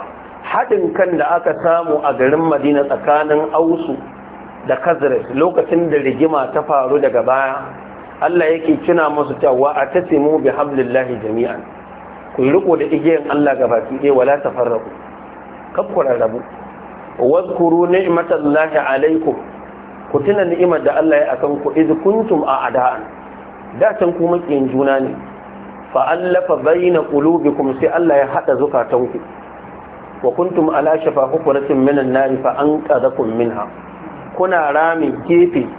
hadin kan da aka samu a garin Madina tsakanin Ausu da Khazraj lokacin da rigima ta faru daga baya Allah yake kina masu cewa a tasimu bi hablillahi jami'an ku riko da igiyan Allah ga baki. dai wala tafarraqu kakkura rabu zkuru ni'matallahi alaikum ku tuna ni'imar da Allah ya akan ku idh kuntum a'da'an da tan ku makiyin juna ne fa allafa baina qulubikum sai Allah ya hada ku wa kuntum ala shafa hukuratin minan nar fa anqadakum minha kuna rami gefe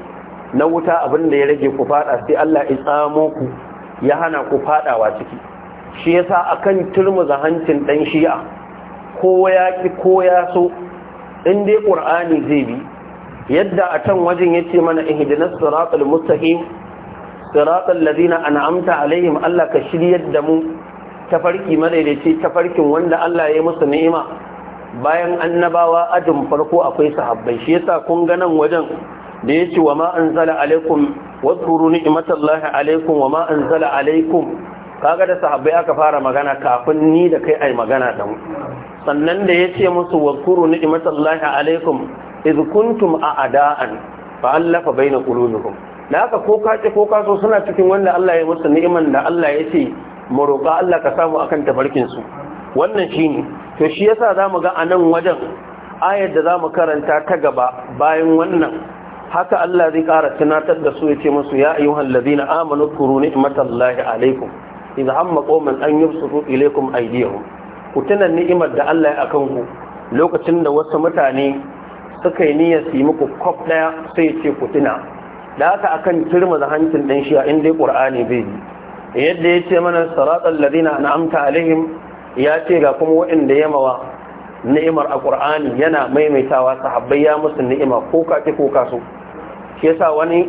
na wuta abinda ya rage ku fada sai Allah ya tsamo ku ya hana ku fadawa ciki shi yasa akan turmuza hancin dan shi'a ko ya ki ko ya so in dai qur'ani zai bi yadda a can wajen yace mana ihdinas siratal mustaqim siratal ladina an'amta alaihim Allah ka shiryar da mu tafarki madaidaici tafarkin wanda Allah ya musu ni'ima bayan annabawa ajin farko akwai sahabbai shi yasa kun ga nan wajen da ya ce wa ma zala alaikum wadhkuru ni'matallahi alaikum wa ma zala alaikum kaga da sahabbai aka fara magana kafin ni da kai ai magana da mu sannan da ya ce musu wadhkuru ni'matallahi alaikum idh kuntum a'da'an fa allafa baina qulubikum da haka ko ka ko kaso suna cikin wanda Allah ya musu ni'iman da Allah ya ce mu roƙa Allah ka samu akan tafarkin su wannan ne to shi yasa mu ga a nan wajen ayar da za mu karanta ta gaba bayan wannan haka Allah zai ƙara tunatar da su ya ce musu ya ayyuhan ladina amanu kuru ni'matallahi alaikum idza amma qauman an yubsutu ilaikum aidiyahu ku tuna ni'imar da Allah ya akan ku lokacin da wasu mutane suka yi niyyar su yi muku kwaf ɗaya sai ce ku tuna da haka akan turma da hancin ɗan shi a inda ƙur'ani bai yi yadda ya ce mana saratsar ladina na amta alaihim ya ce ga kuma waɗanda ya ni'imar a yana maimaitawa sahabbai ya musu ni'ima ko ka ko ka so shi yasa wani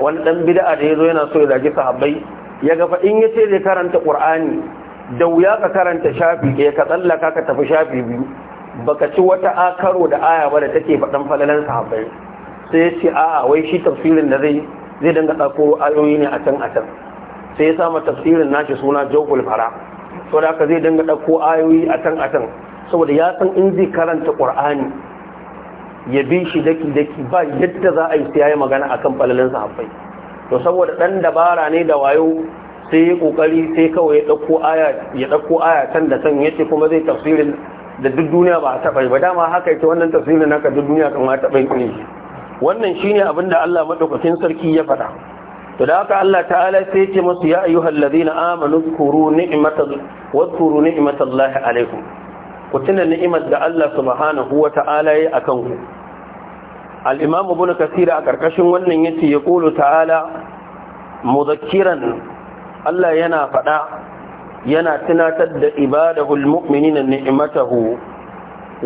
wani dan bid'a da yazo yana so ya zagi sahabbai ya ga fa in yace zai karanta qur'ani da wuya ka karanta shafi ke ka tsallaka ka tafi shafi biyu baka ci wata akaro da aya ba da take faɗan falalan sahabbai sai ya ce a'a wai shi tafsirin da zai zai dinga tsako ayoyi ne a can a can sai ya sama tafsirin nashi suna jawful fara saboda haka zai dinga ɗauko ayoyi a can a can saboda ya san in zai karanta ƙur'ani ya bi shi daki-daki ba yadda za a yi sai yi magana a kan falalin sahabbai to saboda ɗan dabara ne da wayo sai ya ƙoƙari sai kawai ya ɗauko aya can da can ya ce kuma zai tafsirin da duk duniya ba a taɓa ba dama haka yake wannan tafsirin naka duk duniya kan ma taɓa yi shi wannan shine abin da Allah madaukakin sarki ya faɗa to da haka Allah ta'ala sai ya ce musu ya ayyuhal ladina amanu zkuru ni'matal wa zkuru ni'matallahi alaikum ku tuna ni'imar da Allah subhanahu wa ta'ala yi a kanku. al-imam ibn a karkashin wannan yace ya qulu ta'ala Muzakiran, Allah yana faɗa, yana tunatar da ibadahul mu'minina ni'matahu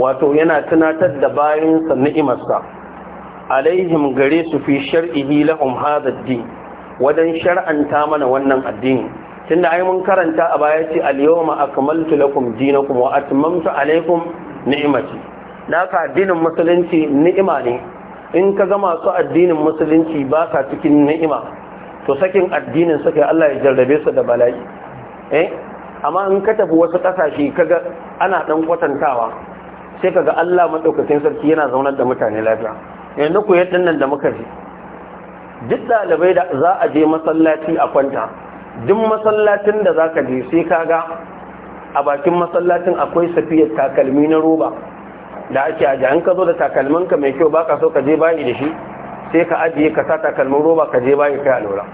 wato yana tunatar da bayansa ni'imarsa alaihim gare su fi shar'ihi lahum hadha ad-din wadan shar'anta mana wannan addini tunda ai mun karanta a baya ce al-yawma akmaltu lakum dinakum wa atmamtu alaykum ni'mati naka addinin musulunci ni'ima ne in ka ga masu addinin musulunci ba ka cikin ni'ima to sakin addinin suka Allah ya jarrabe su da bala'i eh amma in ka tafi wasu kasashe kaga ana dan kwatantawa sai kaga Allah madaukakin sarki yana zaunar da mutane lafiya yanzu ku yaddan nan da muka ji duk dalibai da za a je masallaci a kwanta duk masallacin da za ka je sai kaga a bakin masallacin akwai safiyar takalmi na roba da ake aji an ka zo da takalminka mai kyau baka so ka je bayi da shi sai ka ajiye ka sa takalmin roba ka je bayi kai lura.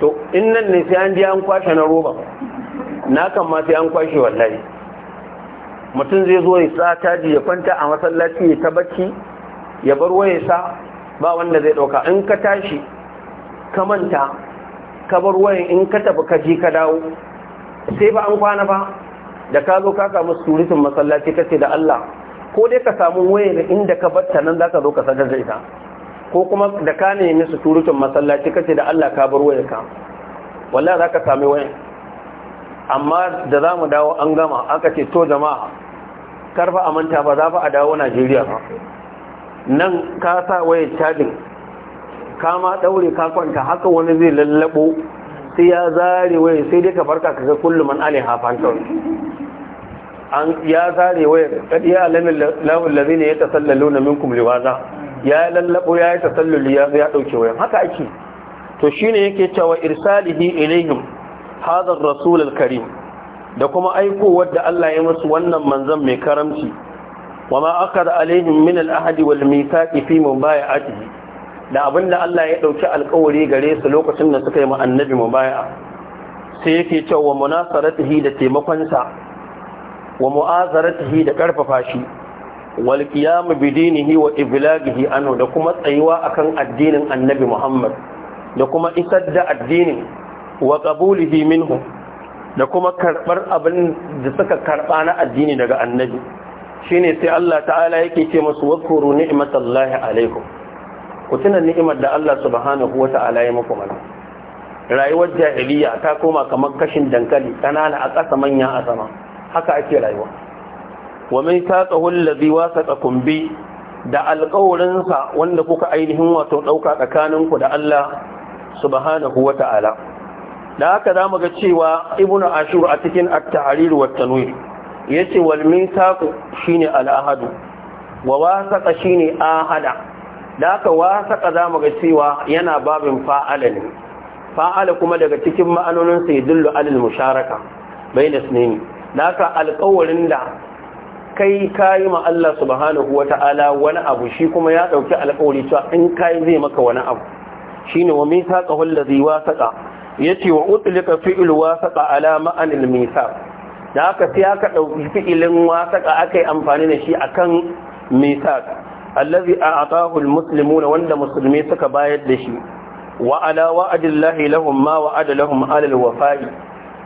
to in nan ne sai an je an kwashe na roba na kan ma sai an kwashe wallahi mutum zai zo ya sa taji ya kwanta a masallaci ya tabbaci ya bar wayarsa ba wanda zai dauka in ka tashi ka manta ka bar wayan in ka tafi ka je ka dawo sai ba an kwana ba da ka zo ka samu surutin masallaci ka ce da Allah ko dai ka samu wayan inda ka batta nan za ka zo ka sadar da ita ko kuma da ka nemi surutin masallaci ka ce da Allah ka bar wayan ka wallahi ka sami wayan amma da za mu dawo an gama aka ce to jama'a karfa amanta ba za ba a dawo Najeriya ba nan ka sa wayan cajin kama daure ka kwanta haka wani zai lallabo sai ya zare waya sai dai ka barka ka ga kullum an ali hafan an ya zare waya kadi ya alamin lawul ladina yatasallaluna minkum liwaza ya lallabo ya tasallul ya ya dauke wayan haka ake to shine yake cewa irsalihi ilaihim hadha ar-rasul al-karim da kuma aiko wadda Allah ya musu wannan manzon mai karamci ma akada alaihim min al-ahdi wal mithaqi fi mubayatihi da abin da Allah ya ɗauki alkawari gare su lokacin da suka yi ma annabi mu baya. sai yake cewa munasaratihi da taimakonsa wa mu'azaratihi da karfafa shi wal qiyam bi dinihi wa iblaghihi anhu da kuma tsayuwa akan addinin annabi Muhammad da kuma isar da addinin wa qabulihi minhu da kuma karbar abin da suka karba na addini daga annabi shine sai Allah ta'ala yake ce musu wakuru ni'matallahi alaikum ku tuna ni'imar da Allah subhanahu wa ta'ala ya muku mana rayuwar jahiliya ta koma kamar kashin dankali kanana a ƙasa manya a sama haka ake rayuwa wa min taqahu allazi wasaqakum bi da alƙawarinsa wanda kuka ainihin wato ɗauka tsakaninku da Allah subhanahu wa ta'ala da haka za mu ga cewa ibnu ashur a cikin at-tahrir wa tanwir yace wal mithaq shine al-ahadu wa wasaqa shine ahada da wasaka za mu ga cewa yana babin fa'ala ne fa'ala kuma daga cikin ma'anonin sai dillo alil musharaka bainas ne da aka alƙawarin da kai kayi ma Allah subhanahu ta’ala wani abu shi kuma ya ɗauki alƙawari cewa in kayi zai maka wani abu shi ne wa zai allazi ya yace wa utlika fi'l wasaqa ala ma'anil mithaq da aka sai aka ɗauki fi'ilin aka yi amfani da shi akan mithaq allazi a'tahu almuslimuna wanda musulmi suka bayar da shi wa ala wa'adillahi lahum ma wa'ada lahum ala alwafa'i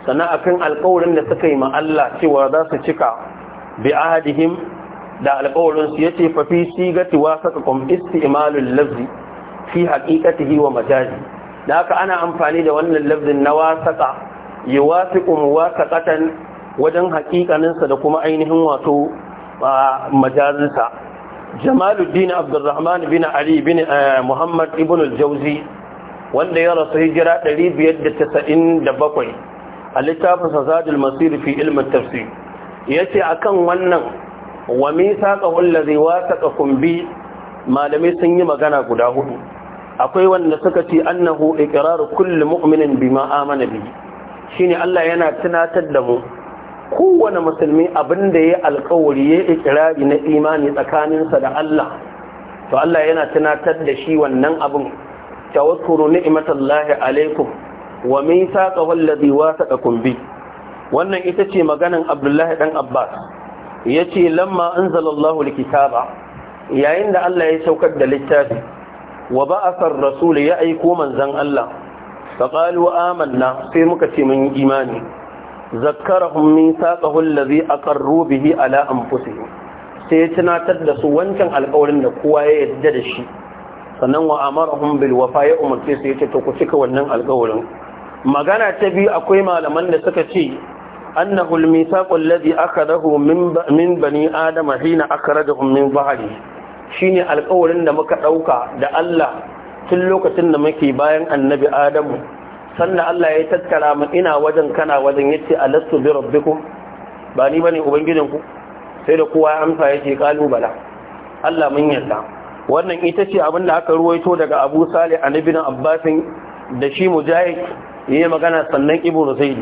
sana akan alƙawarin da suka yi ma Allah cewa za su cika bi ahadihim da alƙawarin su yace fa fi sigati wa saqakum istimalul lafzi fi haqiqatihi wa majazi da haka ana amfani da wannan lafzin na wasaka yuwafiqu muwafaqatan wajen haƙiƙaninsa da kuma ainihin wato majazinsa jamaluddin abdurrahman bin ali bin eh, muhammad ibn jauzi wanda ya rasu hijira 597 a littafin sazadul masir fi ilmin tafsir yace akan wannan wa mithaqahu allazi wasaqakum bi malamai sun yi magana guda hudu akwai wanda suka ce annahu iqraru kulli mu'minin bima amana bihi shine Allah yana tunatar da mu kowane musulmi abin da ya alkawari ya ikirari na imani tsakaninsa da Allah to Allah yana tunatar da shi wannan abin tawakkuru ni'matallahi alaikum wa mithaqahu alladhi wasaqakum bi wannan ita ce maganan Abdullahi dan Abbas yace lamma anzalallahu alkitaba yayin da Allah ya saukar da littafi wa ba'athar rasul ya aiko manzon Allah faqalu amanna sai muka ce mun imani zakkarahum mithaqahu allazi aqarru bihi ala anfusihim sai ya tunatar da su wancan alƙawarin da kowa ya yarda da shi sannan wa amarahum bil wafa ya umarce su ce to ku cika wannan alƙawarin magana ta biyu akwai malaman da suka ce annahu al mithaqu allazi akhadahu min min bani adama hina akhrajahum min bahri shine alƙawarin da muka ɗauka da Allah tun lokacin da muke bayan annabi Adamu sannan Allah ya tattara mu ina wajen kana wajen yace alastu bi rabbikum ba ni bane ubangidanku? sai da kowa ya amsa yace qalu bala Allah mun yarda wannan ita ce abin da aka ruwaito daga Abu Salih annabi Abbas da shi Mujahid yayi magana sannan Ibnu Zaid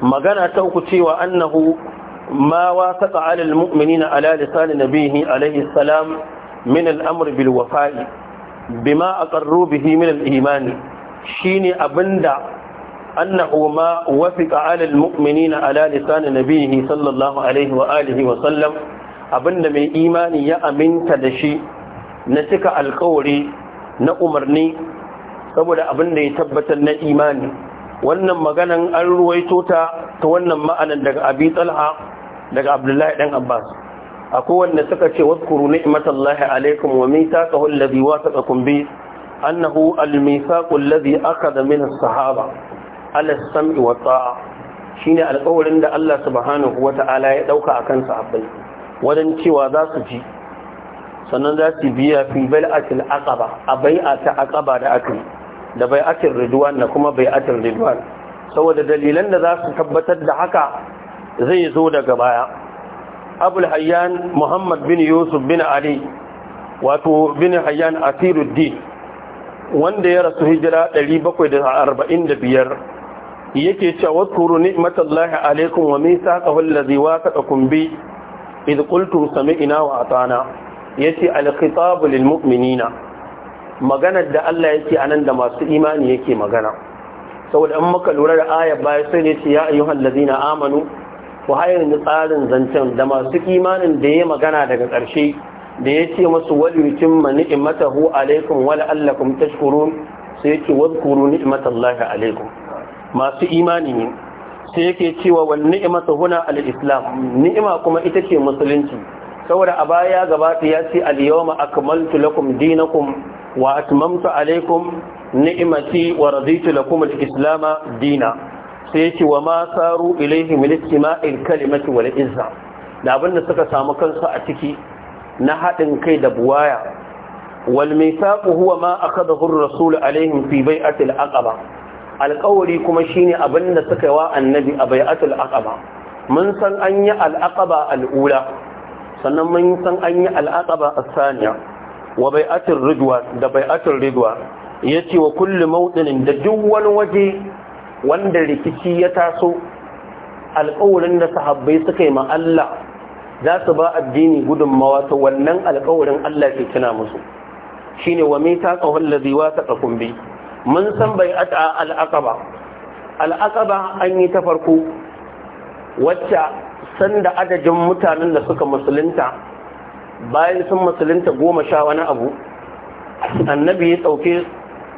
magana ta uku cewa annahu ما وافق على المؤمنين على لسان نبيه عليه السلام bil wafa'i. Bima aqarru bihi min al الإيمان shine abinda annahu ma wafiqa alal mu'minina ala lisan nabiyhi sallallahu alaihi wa alihi wa sallam abinda mai imani ya aminta da shi na cika alƙawari na umarni saboda abinda ya tabbatar na imani wannan maganan an ruwaito ta ta wannan ma'anar daga abi talha daga abdullahi ɗan abbas akwai wanda suka ce wasu wadkuru ni'matallahi alaikum wa mithaqahu alladhi wathaqakum kumbi. annahu al-mithaqu alladhi akhadha min as-sahaba ala sami wa ta'a shine alƙawarin da Allah subhanahu Ta'ala ya dauka akan sahabbai wajen cewa za su ji sannan za su biya fi bai'atil aqaba a bai'a ta aqaba da aka da bai'atil ridwan da kuma bai'atil ridwan saboda dalilan da za su tabbatar da haka zai zo daga baya abul muhammad bin yusuf bin ali wato bin asiruddin wanda ya rasu hijira 745 yake cewa wadkuru ni'matallahi alaikum wa mithaqahu allazi waqa'akum bi idh sami sami'na wa ata'na yace al-khitabu mu'minina maganar da Allah yake anan da masu imani yake magana saboda an maka lura da aya baya sai ne ce ya ayyuhal ladina amanu wa hayyin tsarin zancen da masu imanin da ya magana daga ƙarshe da ya ce masu walirikin ma hu alaikum wala allakum tashkurun sai yake wadkuru ni'imatallahi alaikum masu imani ne sai yake cewa wal ni'imatu huna al-islam ni'ima kuma ita ce musulunci saboda a baya gabata ya ce al-yawma akmaltu lakum dinakum wa atmamtu alaikum ni'imati wa raditu lakum al-islama dina sai yake wa ma saru ilayhi min istima'il kalimati wal izza da abinda suka samu kansu a ciki na haɗin kai da buwaya wal mithaqu huwa ma akhadahu ar-rasul alaihim fi bai'atil aqaba alƙawari kuma shine abin da suka wa annabi a bai'atul aqaba mun san an yi al-aqaba sannan mun san an yi al a saniya wa bai'atul ridwa da bai'atul Ya yace wa kullu mawdinin da duk wani waje wanda rikici ya taso alƙawarin da sahabbai suka yi ma Allah za su ba addini gudunmawa ta wannan alkawarin Allah ke tuna musu Shi ne wa mita qawal laziwa ta taqakum bi mun san bai a al-aqaba an yi ta farko wacce sanda adadin mutanen da suka musulunta bayan sun musulunta goma sha wani abu annabi ya ɗauki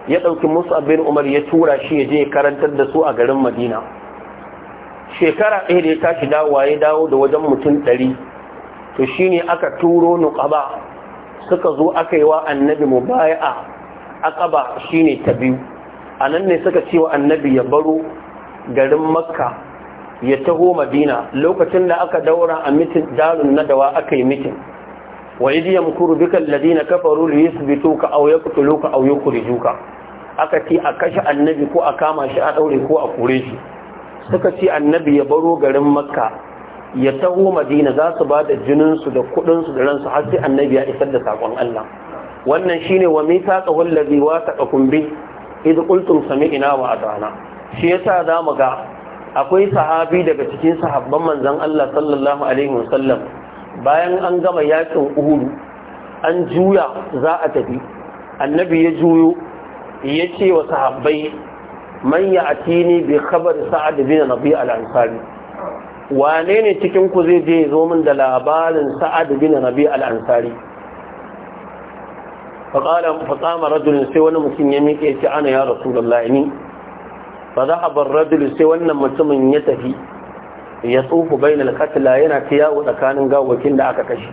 ya dauki musu abin umar ya tura shi ya je karantar da su a garin madina shekara ɗaya da ya tashi dawo, ya dawo da wajen mutum ɗari to shine aka turo nukaba suka zo aka yi wa annabi mubaya'a shi ne ta biyu anan ne suka ce wa annabi ya baro garin makka ya taho madina lokacin da aka daura a mitin darun nadawa aka yi mitin wa idi yamkuru bika alladhina kafaru li yuthbituka aw yaqtuluka aw yukhrijuka aka ce a kashe annabi ko a kama shi a daure ko a kore shi suka ce annabi ya baro garin makka ya taho madina za su ba da jininsu da kudinsu da ransu har sai annabi ya isar da sakon Allah wannan shine wa mithaqa wallazi wasaqakum bi idh qultum sami'na wa ata'na shi yasa zamu ga akwai sahabi daga cikin sahabban manzon Allah sallallahu alaihi wasallam bayan an gama yakin Uhud an juya za a tafi annabi ya juyo ya ce wa sahabbai man ya atini bi khabar sa'ad bin Nabi al-ansari wane ne cikin ku zai je zo min da labarin sa'ad bin rabi al-ansari fa faƙama rajulun sai wani mutum ya miƙe shi ana ya rasulullah ni fa a ar-rajul sai wannan mutumin ya tafi ya tsufu al qatla yana wa tsakanin gawakin da aka kashe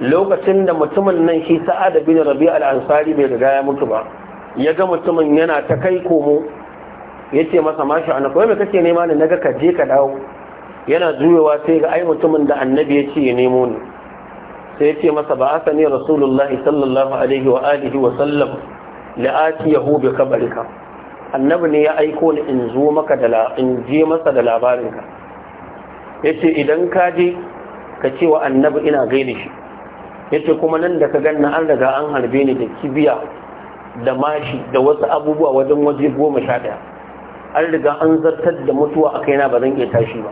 lokacin da mutumin nan shi sa'ad bin rabi al-ansari bai riga ya mutu ba ya ga mutumin yana ta kai komo yace masa mashi ana kawai me kake nema ne naga ka je ka dawo yana juyowa sai ga ai mutumin da annabi ya ce ya nemo ni sai ya ce masa ba aka ne rasulullah sallallahu alaihi wa alihi wa sallam la'ati yahu bi kabarika annabi ne ya aiko ni in zo maka da in je masa da labarin ka yace idan ka je ka ce wa annabi ina gaida shi yace kuma nan da ka ganna an riga an harbe ni da kibiya da mashi da wasu abubuwa wajen waje goma sha ɗaya an riga an zartar da mutuwa a kaina ba zan iya tashi ba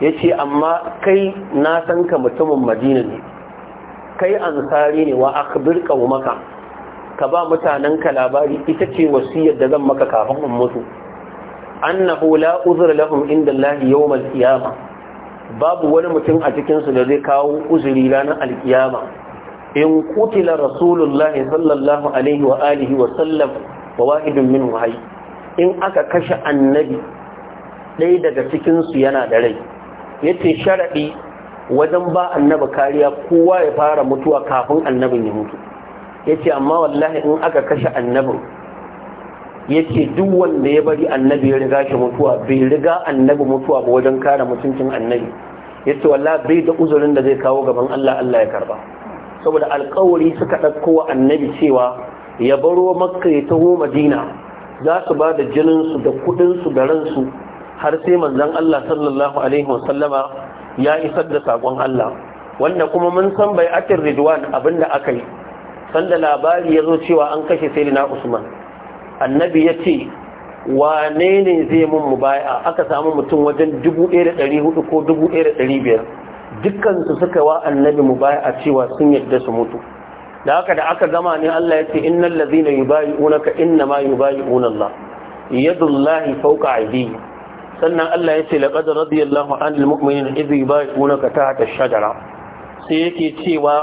ya ce amma kai na san ka mutumin madina ne kai ansari ne wa akbir maka ka ba mutanen ka labari ita ce wasiyar da zan maka kafin in mutu annahu la uzra lahum inda Allah yawm al babu wani mutum a cikin su da zai kawo uzuri ranar alkiyama. in kutila rasulullah sallallahu alaihi wa alihi wa sallam wa wahidun min hayy in aka kashe annabi ɗaya daga cikinsu yana da rai yace sharaɗi wajen ba annabi kariya kowa ya fara mutuwa kafin annabin ya mutu yace amma wallahi in aka kashe annabin yace duk wanda ya bari annabi ya riga shi mutuwa bai riga annabi mutuwa ba wajen kare mutuncin annabi yace wallahi bai da uzurin da zai kawo gaban Allah Allah ya karba saboda alkawari suka ɗauko wa annabi cewa ya baro makka ya taho madina za su ba da jininsu da kuɗinsu da ransu har sai manzon Allah sallallahu alaihi wasallama ya isar da sakon Allah wanda kuma mun san bai atir ridwan abinda aka yi sanda labari ya zo cewa an kashe na Usman annabi ya ce wane ne zai mun mubaya aka samu mutum wajen 1400 ko 1500 dukkansu suka wa annabi mubaya a cewa sun yadda su mutu da haka da aka zama ne Allah ya ce innal ladhina yubayyi'unaka innama yubayyi'una Allah yadullahi fawqa aydihim sannan Allah ya ce laqad radiyallahu anil mu'minin idh yubayyi'unaka tahta ash-shajara sai yake cewa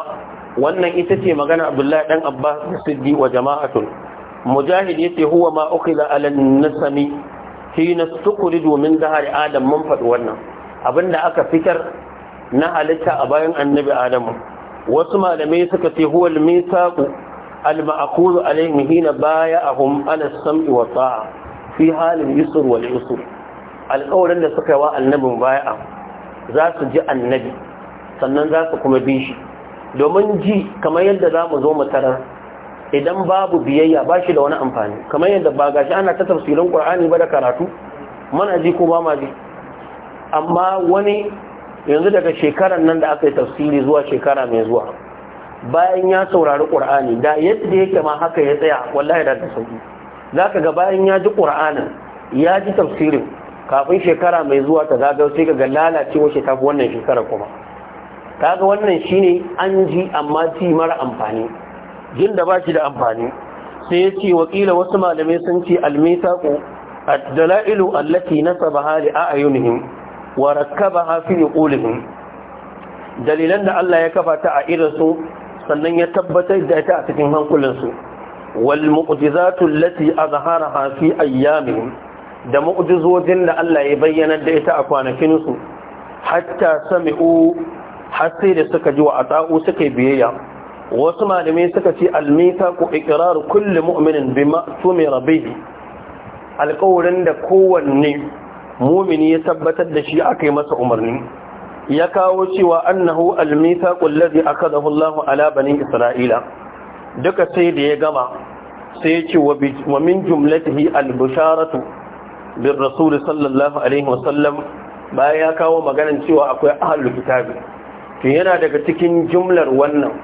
wannan ita ce magana Abdullah dan Abbas Siddi wa jama'atun mujahid yace huwa ma ukhila ala an-nasami hina tuqridu min dahri adam mun faɗi wannan abinda aka fitar na halitta a bayan annabi Adamu wasu malamai suka ce huwa al-misaqu al-ma'khudh alayhi hina baya'ahum ala as-sam'i wa ta'a fi halin yusr wal yusr alƙawarin da suka yi wa annabin baya za su ji annabi sannan za su kuma bi shi domin ji kamar yadda za mu zo mu tara idan babu biyayya ba shi da wani amfani kamar yadda ba gashi ana ta tafsirin ƙur'ani ba da karatu mana ji ko ba ma ji amma wani yanzu daga shekarar nan da aka yi tafsiri zuwa shekara mai zuwa bayan ya saurari qur'ani da yadda yake ma haka ya tsaya wallahi da ta sauki za ka ga bayan ya ji ƙur'anin ya ji tafsirin kafin shekara mai zuwa ta zagayo sai kaga lalacewa shi wannan shekara kuma kaga wannan shine an ji amma ci mara amfani jin da ba shi da amfani sai ya ce wakila wasu malamai sun ce almisaku ad-dala'ilu allati nasabaha li a'yunihim wa rakkabaha fi qulubihim dalilan da Allah ya kafa ta a irin su sannan ya tabbatar da ta a cikin hankulansu wal mu'jizatu allati azharaha fi ayyamihim da mu'jizojin da Allah ya bayyana da ita a kwanakin su hatta sami'u har sai da suka ji wa ata'u suka biyayya wasu malamai suka ce almita ku iqrar kulli mu'minin bima tumira bihi alƙawarin da kowanne mumini ya tabbatar da shi akai masa umarni ya kawo cewa annahu almithaqu allazi akadahu Allahu ala bani Isra'ila duka sai da ya gama sai ya ce wa min jumlatihi albisharatu bin rasul sallallahu alaihi wasallam bayan ya kawo magana cewa akwai ahlul kitabi to yana daga cikin jumlar wannan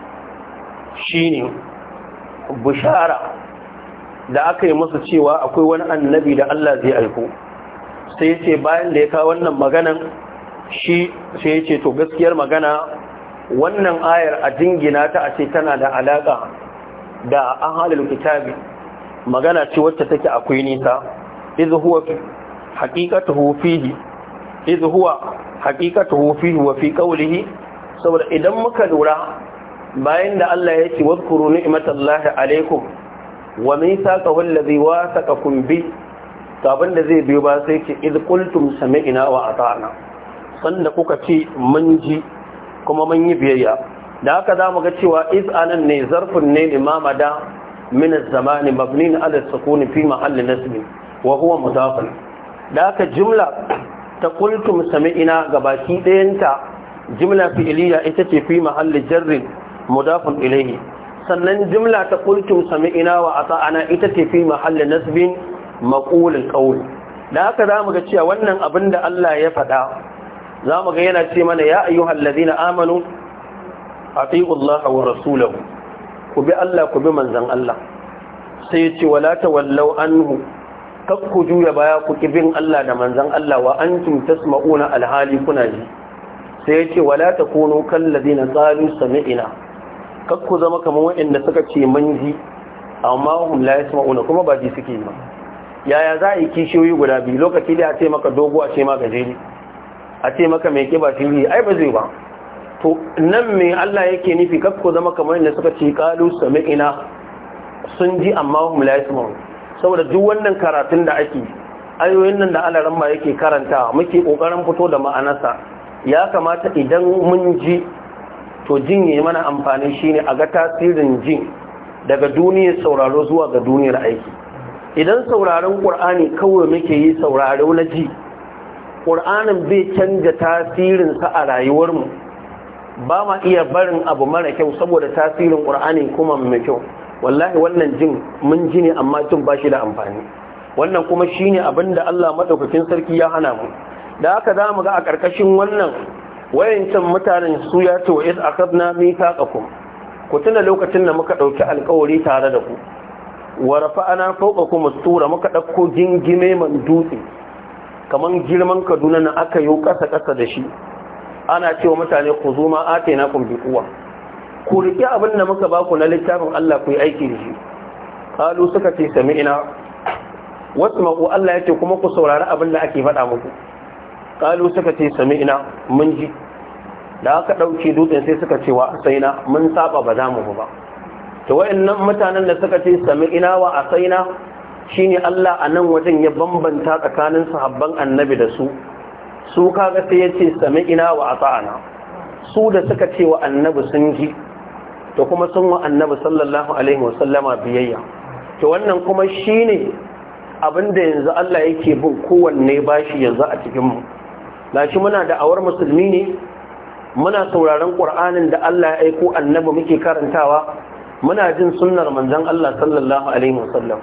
shine bushara da aka yi masa cewa akwai wani annabi da Allah zai aiko sai ce bayan da ya kawo wannan maganan shi sai ce to gaskiyar magana wannan ayar a jingina ta a ce tana da alaka da ahlul kitabi magana ce wacce take akwai nisa idh huwa haqiqatuhu fihi idh wa fi saboda idan muka lura bayan da Allah ya ce wadhkuru ni'matallahi alaikum wa mithaqahu alladhi wathaqakum bi abin da zai biyo ba sai ce idh qultum sami'na wa ata'na sanda kuka ce mun ji kuma mun yi biyayya da haka zamu ga cewa iz anan ne zarfun ne limama da min az-zaman mabni ala as-sukun fi mahall nasb wa huwa mudafin da aka jimla ta sami'ina ga baki dayanta jimla fi'liya ita ce fi mahalli jarri mudafin ilayhi sannan jimla ta kultum sami'ina wa a ata'ana ita ce fi mahalli nasbin makulin qawl da za zamu ga cewa wannan abin da Allah ya faɗa zamu ga yana ce mana ya ayyuhal na amanu a Allah wa rasulahu ku bi Allah ku bi manzan Allah sai ya ce wala tawallau anhu kakku juya baya ku bin Allah da manzan Allah wa an tasma'una alhali kuna ji sai ya ce wala ta kono kallazi na tsalu sami'ina kakku zama kamar waɗanda suka ce man ji amma hun la yasma'una kuma ba ji suke ba yaya za a yi kishiyoyi guda biyu lokaci da a ce maka dogo a ce maka jeli a ce maka mai kiba shiri ai ba zai ba to nan me Allah yake nufi kakku zama kamar waɗanda suka ce kalu sami'ina sun ji amma hun la yasma'una saboda duk wannan karatun da ake ayoyin nan da alaran ma yake karanta muke kokarin fito da ma'anarsa ya kamata idan mun ji to jin yi mana amfani shine a ga tasirin jin daga duniyar sauraro zuwa ga duniyar aiki idan sauraron qur'ani kawai muke yi sauraro na ji qur'anin bai canja sa a rayuwarmu ba ma iya barin abu mara kyau saboda tasirin qur'ani kuma mai kyau wallahi wannan jin mun ji ne amma jin ba shi da amfani wannan kuma shi ne abin da Allah maɗaukakin sarki ya hana mu da aka za mu ga a ƙarƙashin wannan wayancan mutanen su ya ce wa isa na mita mithaqakum ku tuna lokacin da muka ɗauki alkawari tare da ku wa rafa'ana fawqakum kuma tura muka ɗauko jingime man dutse Kamar girman Kaduna na aka yi ƙasa ƙasa da shi ana cewa mutane ku zo ma atayna uwa. ku riƙe abin da muka baku na littafin Allah ku yi aiki da shi kalu suka ce ina. wasu maku Allah ya ce kuma ku saurari abin da ake faɗa muku kalu suka ce ina mun ji da aka ɗauke dutsen sai suka ce wa asaina mun saba ba za mu ba to wayannan mutanen da suka ce sami'ina wa asaina shine Allah a nan wajen ya bambanta tsakanin sahabban annabi da su su kaga sai ya ce a wa ata'ana su da suka ce wa annabi sun ji to kuma sun wa annabi sallallahu alaihi wasallama biyayya to wannan kuma shine abin da yanzu Allah yake bin kowanne bashi yanzu a cikin mu shi muna da awar musulmi ne muna sauraron ƙur'anin da Allah ya aiko annabi muke karantawa muna jin sunnar manzon Allah sallallahu alaihi wasallam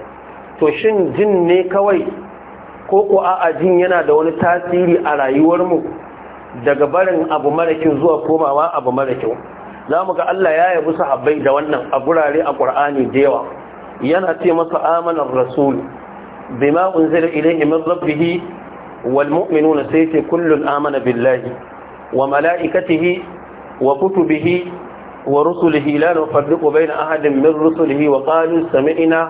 to shin jin ne kawai ko ko a'a jin yana da wani tasiri a rayuwarmu daga barin abu mara kyau zuwa komawa abu mara kyau za mu ga Allah ya yabi sahabbai da wannan a gurare a ƙur'ani da yawa yana ce masa amanar rasul bima unzila ilayhi min rabbih wal mu'minuna sai ce kullun amana billahi wa malaikatihi wa kutubihi wa rusulihi la nufarriqu bayna ahadin min rusulihi wa qalu sami'na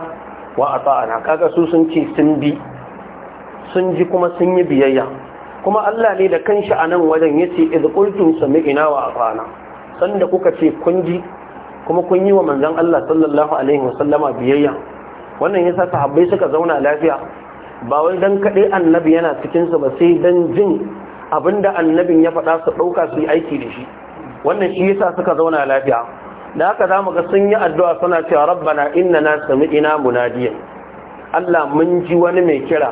wa ata'na kaga su sun ce sun bi sun ji kuma sun yi biyayya kuma Allah ne da kanshi a nan wajen ya ce qultum sami'na wa ata'na sanda kuka ce kun ji kuma kun yi wa manzon Allah sallallahu alaihi wasallama biyayya wannan yasa sahabbai suka zauna lafiya ba wai dan kaɗai annabi yana cikin su ba sai dan jin abinda annabin ya faɗa su ɗauka su yi aiki da shi wannan shi yasa suka zauna lafiya da haka zamu ga sun yi addu'a suna cewa rabbana innana sami'ina munadiyan Allah mun ji wani mai kira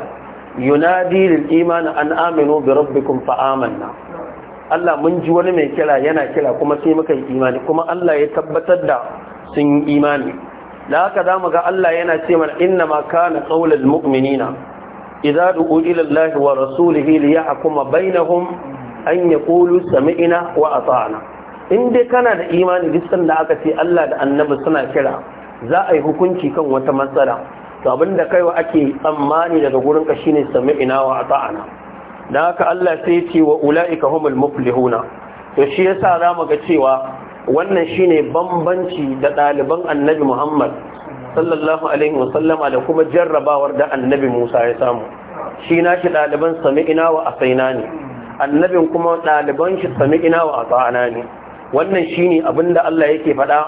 yunadi lil iman an aminu bi rabbikum fa amanna Allah mun ji wani mai kira yana kira kuma sai muka yi imani kuma Allah ya tabbatar da sun yi imani da haka za mu ga Allah yana ce mana inna ma kana qaulul mu'minina idza du'u ila Allah wa rasulihi li yahkuma bainahum an yaqulu sami'na wa ata'na in dai kana da imani duk sanda aka ce Allah da annabi suna kira za a yi hukunci kan wata matsala to abinda kaiwa ake tsammani daga gurin ka shine sami'na wa ata'na da haka Allah sai ce wa ula'ika humul muflihuna to shi yasa zamu ga cewa wannan shine bambanci da ɗaliban Annabi Muhammad sallallahu alaihi wasallama da kuma jarrabawar da Annabi Musa ya samu shi nashi ɗaliban sami'ina wa asaina ne annabin kuma ɗaliban shi sami'ina wa asaina ne wannan shine abinda Allah yake faɗa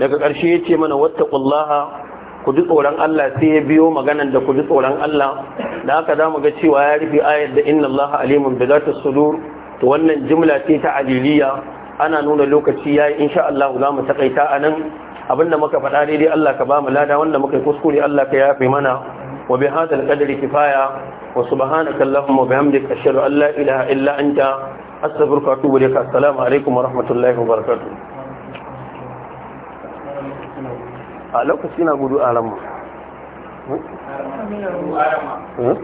daga ƙarshe yace mana wattaqullaha ku ji tsoron Allah sai ya biyo maganan da ku ji tsoron Allah da haka za mu ga cewa ya rufe ayar da inna Allah alimun bi zata sudur to wannan jimla ce ta aliliya ana nuna lokaci yayi insha Allah za mu takaita anan abinda muka faɗa daidai Allah ka ba mu lada wanda muka yi kuskure Allah ka yafe mana wa bi hadal qadri kifaya wa subhanaka allahumma wa bihamdika ashhadu an la ilaha illa anta astaghfiruka wa atubu ilaik assalamu alaikum wa rahmatullahi wa barakatuh a lokaci na gudu a ramma Huh? Eh?